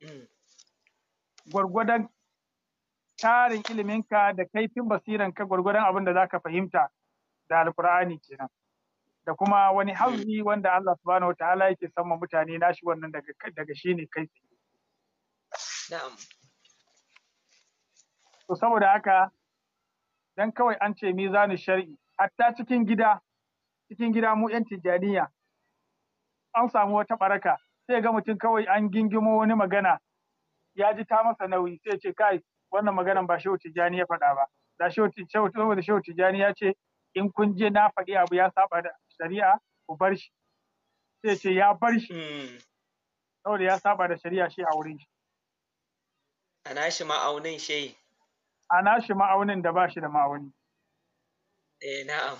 mm. gwargwadon tarin iliminka da kaifin basiranka gwargwadon abin da za ka fahimta da alkur'ani kenan da kuma wani hauzi wanda Allah subhanahu wa ta'ala yake sama mutane nashi wannan daga daga shi ne kai na'am to saboda haka dan kawai an ce mizanu shar'i hatta cikin gida cikin gida mu yan tijaniya an samu wata baraka sai ga mutum kawai an gingimo wani magana ya ji ta masa nauyi sai ce kai wannan maganan ba shehu tijani ya faɗa ba da shehu tijani ya ce in kun je na faɗi abu ya saba da shari'a ku bar shi sai ce ya bar shi hmm. saboda ya saba da shari'a shi a wurin shi a shi ma'aunin shi a shi ma'aunin da ba shi da ma'auni eh na'am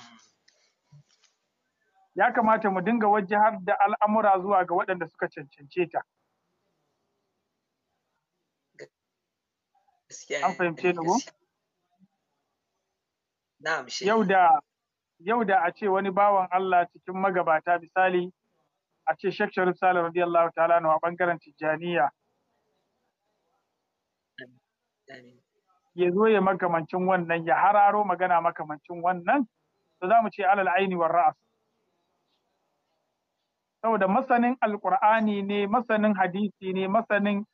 ya kamata mu dinga har da al'amura zuwa ga waɗanda suka cancance ta an fahimce ni ko? Yau da yau da a ce wani bawan Allah cikin magabata misali a ce Sheikh Sharif Sale radiyallahu ta'ala a bangaren Tijjaniya ya zo ya makamancin wannan ya hararo magana makamancin wannan to za mu ce alal aini war ra'as saboda masanin alqur'ani ne masanin hadisi ne masanin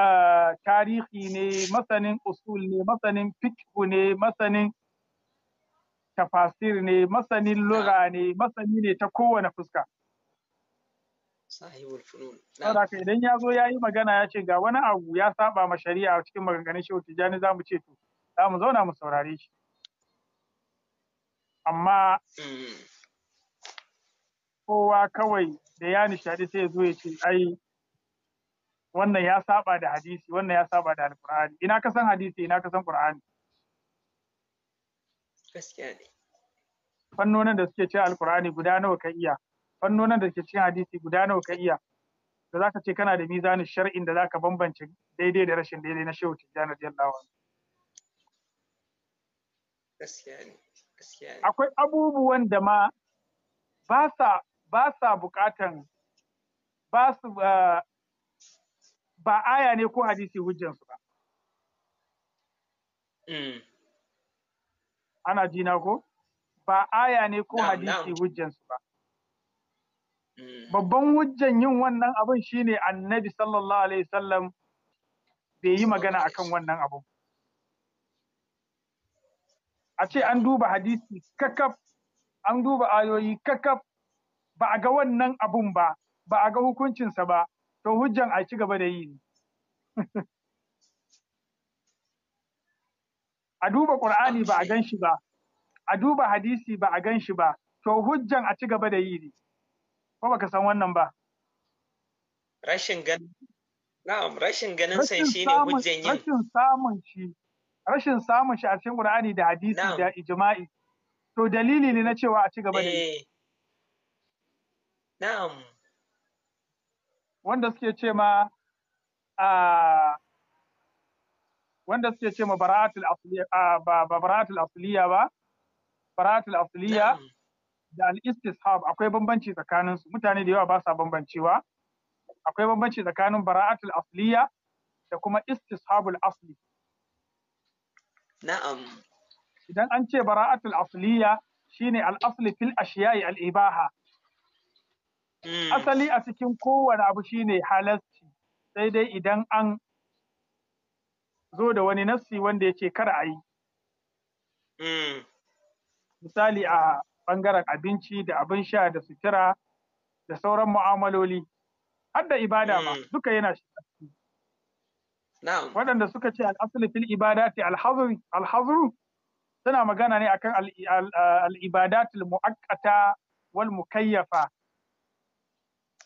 eh, tarihi ne masanin usul ne masanin fiqh ne masanin tafasir ne masanin lura ne masani ne ta kowane fuska sahibul saboda idan ya zo ya yi magana ya ce ga wani abu ya saba ma shari'a cikin maganganun shehu tijjani za mu ce to za mu zauna mu saurare shi amma mm. kowa kawai da ya nishaɗi sai ya zo ya ce ai wannan ya saba da hadisi wannan ya saba da alkur'ani ina ka san hadisi ina ka san qur'ani gaskiya ne fannonin da suke cikin alkur'ani guda nawa ka iya fannonin da suke cikin hadisi guda nawa ka iya da za ka ce kana da mizanin shar'in da za ka bambance daidai da rashin daidai na shehu tijjani radiyallahu anhu gaskiya ne gaskiya ne akwai abubuwan da ma ba sa ba sa bukatan ba su ba aya ne ko hadisi hujjansu ba mm. ana jina ko ba aya ne ko hadisi hujjansu ba mm. babban hujjan yin wannan abin shine annabi sallallahu alaihi wasallam bai yi magana akan wannan abin a ce an duba hadisi kakaf an duba ayoyi kakaf ba a ga wannan abun ba ba a ga hukuncinsa ba to hujjan a ci gaba da yi ne a duba Qur'ani ba a gan shi ba a duba hadisi ba a gan shi ba to hujjan a ci gaba da yi ne ko baka san wannan ba rashin ganin na'am rashin ganin san shine hujjan yin rashin samun shi rashin samun shi a cikin Qur'ani da hadisi da ijma'i to dalili ne na cewa a ci gaba da yi eh. na'am wanda suke ce ma a ah, wanda suke ce ma bara'atul asliya ba bara'atul asliya ba da al-istishab akwai bambanci tsakanin su mutane da yawa ba sa bambancewa akwai bambanci tsakanin bara'atul asliya da kuma istishabul asli na'am idan an ce bara'atul asliya shine al-asli fil ashiya'i al-ibaha hmm. asali a cikin kowane abu shine halasci sai dai idan an zo da wani nassi wanda ya ce kar a yi. Hmm. Misali a ɓangaren abinci da abin sha da sutura da sauran mu'amaloli, har da ibada ba hmm. duka yana shiga. Waɗanda suka ce al'asali fil ibadati alhazru suna magana ne akan al'ibadatul mu'akkata wal mukayyafa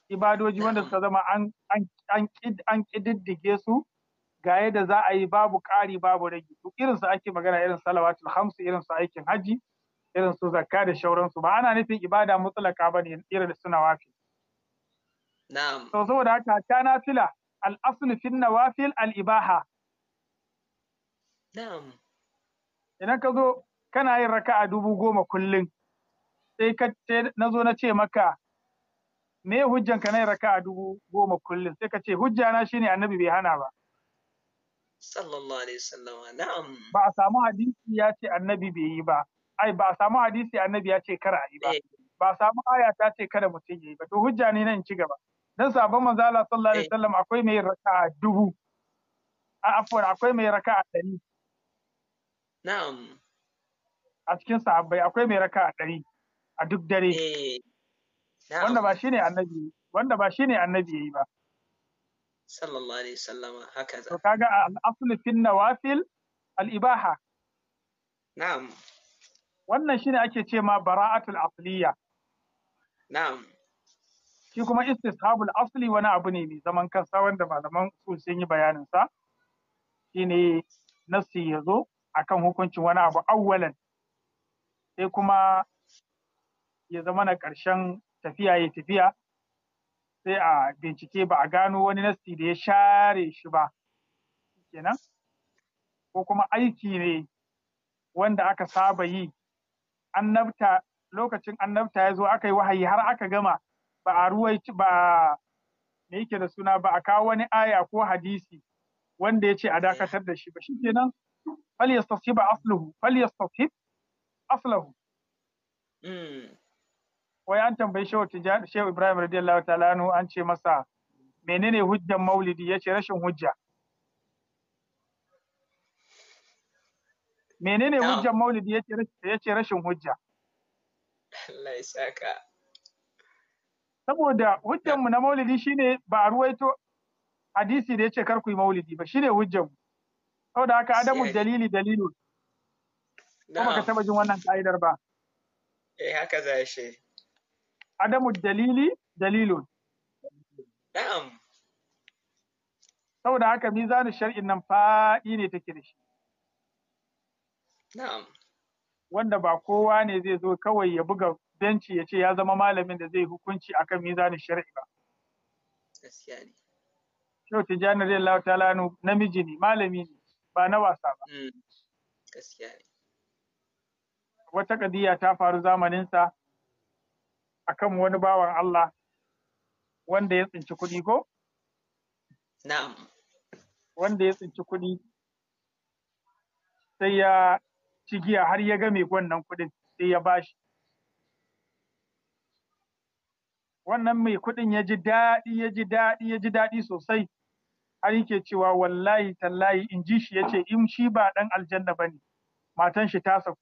ibadoji wanda suka zama an ƙididdige su ga yadda za a yi babu ƙari babu rage duk irin su ake magana irin salawatul hamsu irin su aikin haji irin su zakka da shauransu ba ana nufin ibada mutlaka ba ne irin su nawafil na'am to saboda haka ta nafila al aslu fi nawafil al ibaha na'am idan ka zo kana yin raka'a dubu goma kullum sai ka na zo na ce maka me hujjanka na yin raka'a dubu goma kullum sai ka ce hujjana shine annabi bai hana ba sallallahu alaihi wasallam na'am ba a samu hadisi ya ce annabi bai yi ba ai ba a samu hadisi annabi ya ce kar a yi ba eh. ba a samu aya ta ce kada mutum ya yi ba to hujja ne nan ci gaba dan sabon manzo Allah sallallahu alaihi eh. wasallam akwai mai raka'a dubu a afwan akwai mai raka'a ɗari na'am a cikin sahabbai akwai mai raka'a ɗari a duk dare eh. wanda ba shine annabi wanda ba shine annabi yayi ba sallallahu alaihi sallama haka za. To kaga al'asul fin nawafil al'ibaha. Wannan shine ake ce ma bara'atul asliya. Na'am. Shi kuma istishabul asli wani abu ne mai zaman kansa wanda malaman usul sun yi bayanin sa. Shine nasi ya zo akan hukuncin wani abu awwalan. Sai kuma ya zama na ƙarshen tafiya ya tafiya sai a bincike ba a gano wani nasti da ya share shi ba kenan ko kuma aiki ne wanda aka saba yi annabta lokacin annabta ya zo aka yi wahayi har aka gama ba a ruwaici ba me yake da suna ba a kawo wani aya ko hadisi wanda ya ce a dakatar da shi ba shi kenan fal yastasiba asluhu fal yastasib aslahu hmm. wai an tambayi shehu tijani shehu ibrahim radiyallahu ta'ala anhu an ce masa menene hujjan maulidi yace rashin hujja menene hujjan maulidi yace rashin hujja Allah ya saka saboda hujjan mu na maulidi shine ba a ruwaito hadisi da yace kar ku yi maulidi ba shine hujjan mu saboda haka adamu dalili dalilu kuma ka taba jin wannan ka'idar ba eh haka zai shi adamu dalili dalilun na'am saboda haka mizanin shar'in nan faɗi ne take da shi wanda ba kowa ne zai zo kawai ya buga benci ya ce ya zama malamin da zai hukunci akan mizanin shar'i ba gaskiya ne Shehu Tijjani radiyallahu ta'ala namiji ne malami ne ba na wasa ba mm, wata kadiya ta faru zamaninsa akan wani bawan Allah wanda ya tsinci kuɗi ko? Na'am. Wanda ya tsinci kuɗi sai ya ci giya har ya game wannan kuɗin sai ya bashi. Wannan mai kuɗin ya ji daɗi, ya ji daɗi, ya ji daɗi sosai, har yake cewa wallahi tallahi in ji shi ya ce in shi ba ɗan aljanna ba ne, matan shi ta saku.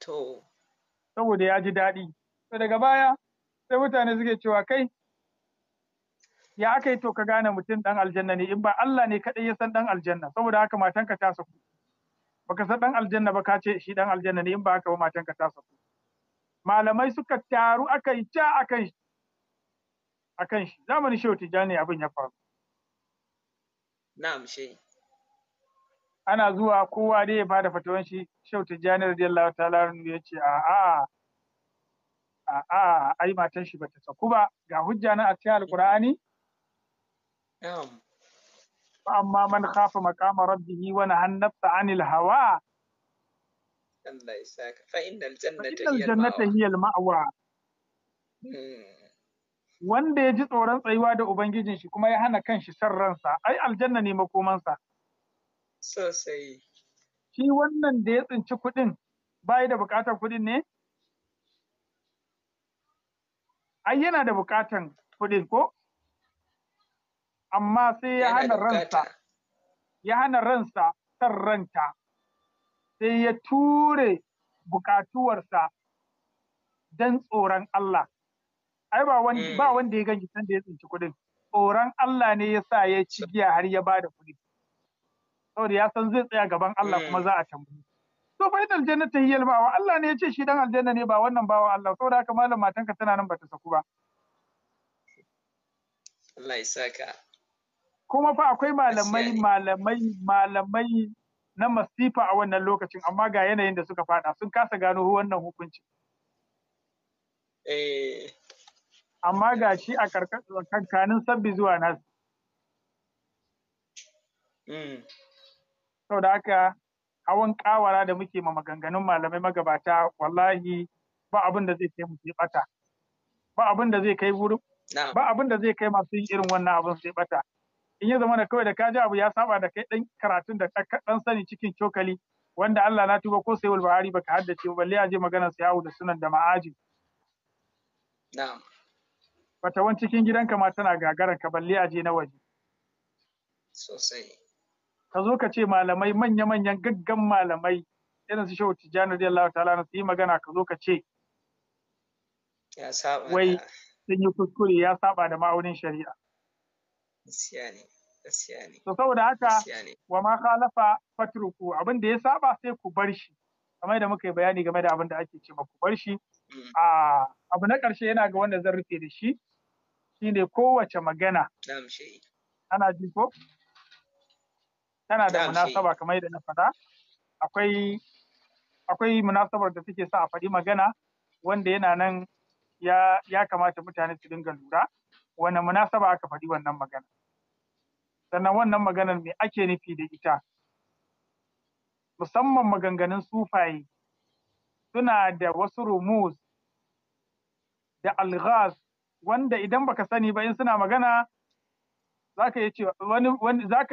To. saboda ya ji daɗi to daga baya sai mutane suke cewa kai ya aka yi to ka gane mutum ɗan aljanna ne in ba Allah ne kaɗai ya san ɗan aljanna saboda haka matanka ta saku baka san ɗan aljanna ba ka ce shi ɗan aljanna ne in ba haka ba matanka ta saku malamai suka taru aka yi ta akan shi akan shi zamanin shehu tijani abin ya faru na'am amshe. ana zuwa kowa dai ya bada fatawan shi shau tijjani radiyallahu ta'ala ya ce a'a a'a ai matan shi bata saku ba ga hujja nan a cikin alqur'ani amma man khafa maqama rabbihi wa nahana nafsa anil hawa Allah ya fa innal jannata hiya al-ma'wa hmm. wanda ya ji tsoron tsayuwa da ubangijin shi kuma ya hana kanshi san ransa ai aljanna ne makomansa Sosai. Shi wannan da ya tsinci kuɗin bayi da buƙatar kuɗin ne? Ai yana da buƙatar kuɗin ko? Amma sai ya hana ransa, ya hana ransa kan ranta, sai ya ture buƙatuwarsa don tsoron Allah. Ai ba hmm. wanda ya ganki sanda ya tsinci kuɗin, tsoron Allah ne ya sa ya ci giya har ya ba da kuɗi. saboda ya san zai tsaya gaban Allah kuma eh. za a tambaye to fa aljanna ta hiyal wa Allah ne ya ce shi dan aljanna ne ba wannan bawa Allah saboda haka malam matanka tana nan ta saku ba Allah ya saka kuma fa akwai malamai malamai malamai na masifa a wannan lokacin amma ga yanayin da suka fada sun kasa gano wannan hukuncin eh amma ga shi a karkashin kankanin sabbi zuwa nasu hmm. da haka hawan kawara da muke ma maganganun malamai magabata wallahi ba abin da zai kai mu sai bata. Ba abin da zai kai wurin ba abin da zai kai masu yin irin wannan abin sai bata. In ya zama da kawai da ka ji abu ya saba da kai ɗan karatun da ka dan sani cikin cokali wanda Allah na tuba ko sai Buhari baka haddace ba balle a je sai sayawu da sunan da ma'aji. Na'am. wani cikin gidanka ma tana ka balle a je na waje. Sosai. ka zo ka ce malamai manya-manyan gaggan malamai irin su shehu tijjani ta ta'ala su yi magana ka zo ka ce wai sun yi kuskure ya saba da ma'aunin shari'a to saboda haka wa ma khalafa fatruku abin da ya saba sai ku bar shi kamar da muka yi bayani game da abin da ake ce ku bar shi mm. a abu na ƙarshe yana ga wanda zan rufe da shi shine kowace magana ana ji tana da munasaba kamar yadda na faɗa akwai akwai munasabar da suke sa a faɗi magana wanda yana nan ya ya kamata mutane su dinga lura wani munasaba aka faɗi wannan magana sannan wannan maganar me ake nufi da ita musamman maganganun sufaye suna da wasu rumus da alghaz wanda idan baka sani ba in suna magana zaka iya cewa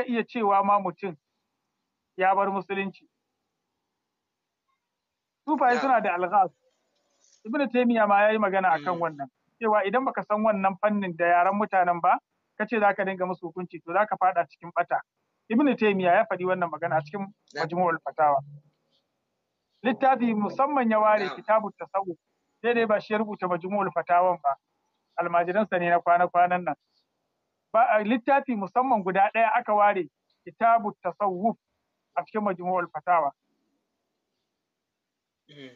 iya cewa ma mutum ya bar musulunci sufaye suna da alghaz ibn taymiya ma yayi magana akan hmm. wannan cewa idan baka san wannan fannin da yaran mutanen ba kace zaka dinga musu hukunci to zaka fada cikin bata ibn taymiya ya faɗi wannan magana a cikin majmu'ul fatawa littafi musamman ya ware kitabu tasawuf sai dai ba shi ya rubuta majmu'ul fatawan ba almajiransa ne na kwana-kwanan nan littafi musamman guda ɗaya aka ware kitabu tasawuf a cikin majmu'ul fatawa eh.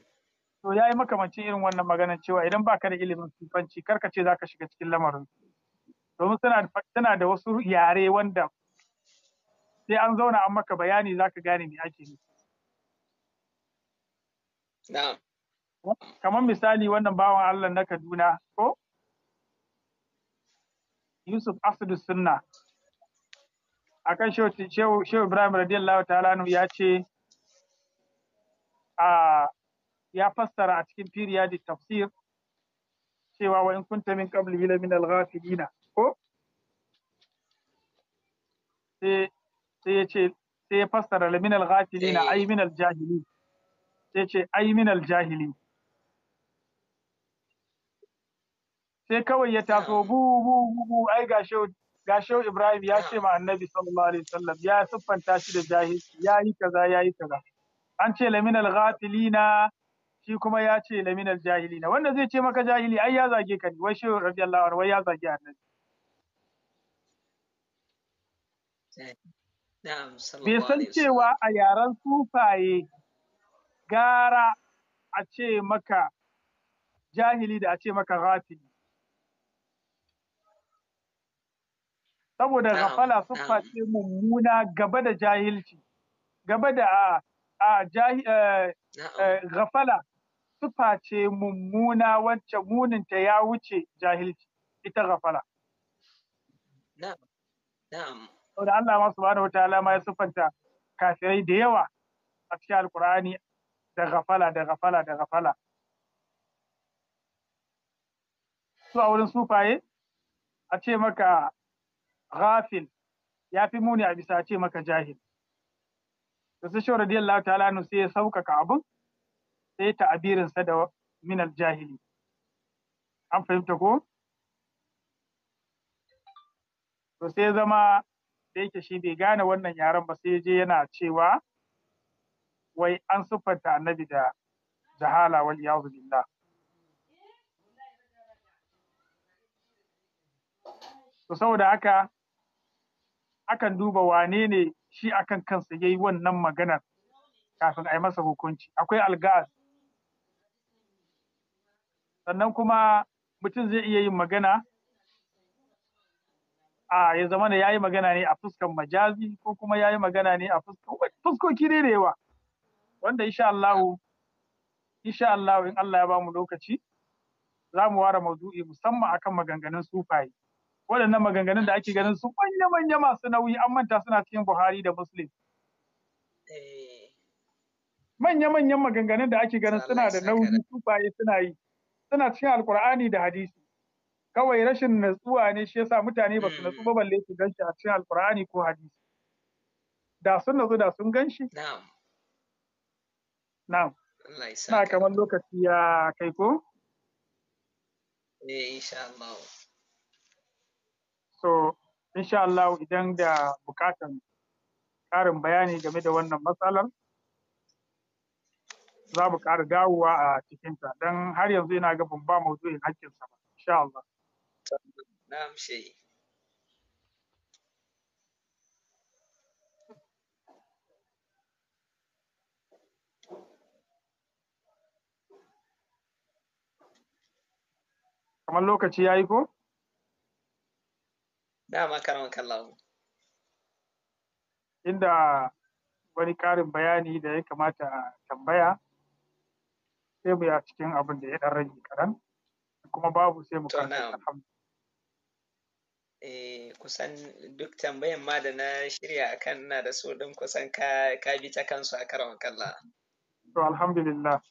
to yayi makamancin irin wannan magana cewa idan baka da ilimin sufanci karka ce zaka shiga cikin lamarin domin tana da wasu yare wanda sai an zauna an maka bayani zaka gane me ake nufi kamar misali wannan bawan Allah na Kaduna ko Yusuf Asadu Sunna a akan Shehu Ibrahim radiyallahu ta'ala ya ce ya fassara a cikin firiyadi tafsir cewa wa in kunta min qabli bila min al-ghafilina ko sai sai ya ce sai ya fassara la min al-ghafilina eh. ay min al-jahilin sai ce ay min al-jahilin sai kawai ya taso bu bu bu bu ai ga shehu Ibrahim ya ce ma annabi sallallahu alaihi wasallam ya siffanta shi da jahilci ya yi kaza ya yi kaza an ce laminal ghafilina shi kuma ya ce laminal jahilina wanda zai ce maka jahili ai ya zage ka ne wai shehu radiyallahu anhu wai ya zage annabi bai san cewa a yaren sufaye gara a ce maka jahili da a ce maka ghafili saboda gafala siffa ce mummuna gaba da jahilci gaba da a ah, ah, eh, eh, gafala siffa ce mummuna wacce muninta ya wuce jahilci ita gafala saboda Allah ma subhanahu wa ma ya siffanta kafirai da yawa a cikin alkur'ani da gafala da gafala da gafala su a wurin sufaye a ce maka ghafil ya fi muni a bisa ce maka jahil da su shi radiyallahu ta'ala lanu sai ya sauƙaƙa abun sai ta abirinsa da minal jahili an fahimta ko to sai zama da yake shi bai gane wannan yaren ba sai je yana cewa wai an siffanta annabi da jahala wal iyazu billah to saboda haka akan duba wane ne shi akan kansa ya yi wannan maganar kafin a yi masa hukunci akwai algaz sannan kuma mutum zai iya yin magana a ya zama da ya yi magana ne a fuskan majazi ko kuma ya yi magana ne a fuskoki ne da yawa wanda insha Allahu insha Allahu in Allah ya ba mu lokaci za mu ware maudu'i musamman akan maganganun sufaye waɗannan maganganun da ake ganin su manya-manya masu nauyi an manta suna cikin Buhari da Muslim. Eh. Manya-manyan maganganun da ake ganin suna da nauyi baye suna yi, suna cikin Alƙur'ani da hadisi. Kawai rashin natsuwa ne shi yasa mutane ba su natsu ba balle su gan shi a cikin Alƙur'ani ko hadisi. Da sun natsu da sun gan shi? Na'am. Na kamar lokaci ya kai ko? Eh, insha Allah. So, insha Allah idan da bukatan ƙarin bayani game da wannan matsalar, za mu ƙara dawowa a cikinta, don har yanzu ina ga ban ba maudu'in hakkin ba, insha Allah. Na'am shi. Kamar lokaci ya yi ko? dama karamin kallahu inda wani karin bayani da ya kamata a tambaya sai mu ya cikin abin da ya dan rage karan kuma babu sai mu karanta eh kusan duk tambayan ma da na shirya akan na da su din kusan ka ka bi ta kansu a karan kalla to alhamdulillah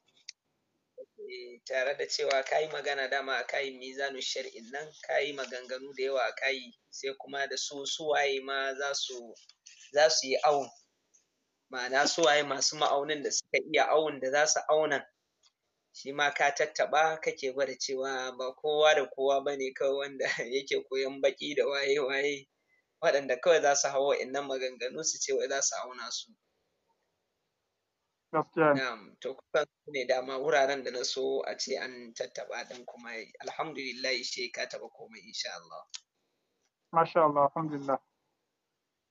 eh, tare da cewa ka yi magana dama a kayi mizanu shari'in nan ka yi maganganu da yawa a kayi sai kuma da su suwaye ma za su za su yi awon ma'ana suwaye masu ma'aunin da suka iya awon da za su auna shi ma ka tattaɓa kake gwada cewa ba kowa da kowa ba ne kawai wanda yake koyon baki da waye-waye waɗanda kawai za su hawa innan maganganu su ce wai za su auna su. to kusan su ne dama wuraren da na so a ce an tattaɓa ɗin kuma alhamdulillah shi ka taɓa komai insha Allah. Masha Allah, alhamdulillah.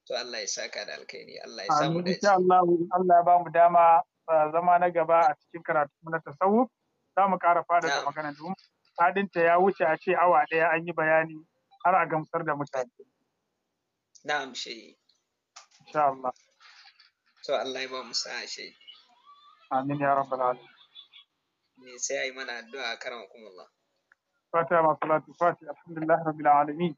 To Allah ya saka da alkhairi, Allah ya samu da Insha Allah, Allah ya ba mu dama zama na gaba a cikin karatu na tasawuf. Za mu ƙara fara da magana domin fadinta ya wuce a ce awa ɗaya an yi bayani har a gamsar da mutane. Na'am shi. Insha Allah. To Allah ya ba mu sa shi. Amin ya rabbal alamin. Me sai ayi mana addu'a karamakumullah. Fatiha ma salatu fatiha alhamdulillah rabbil alamin.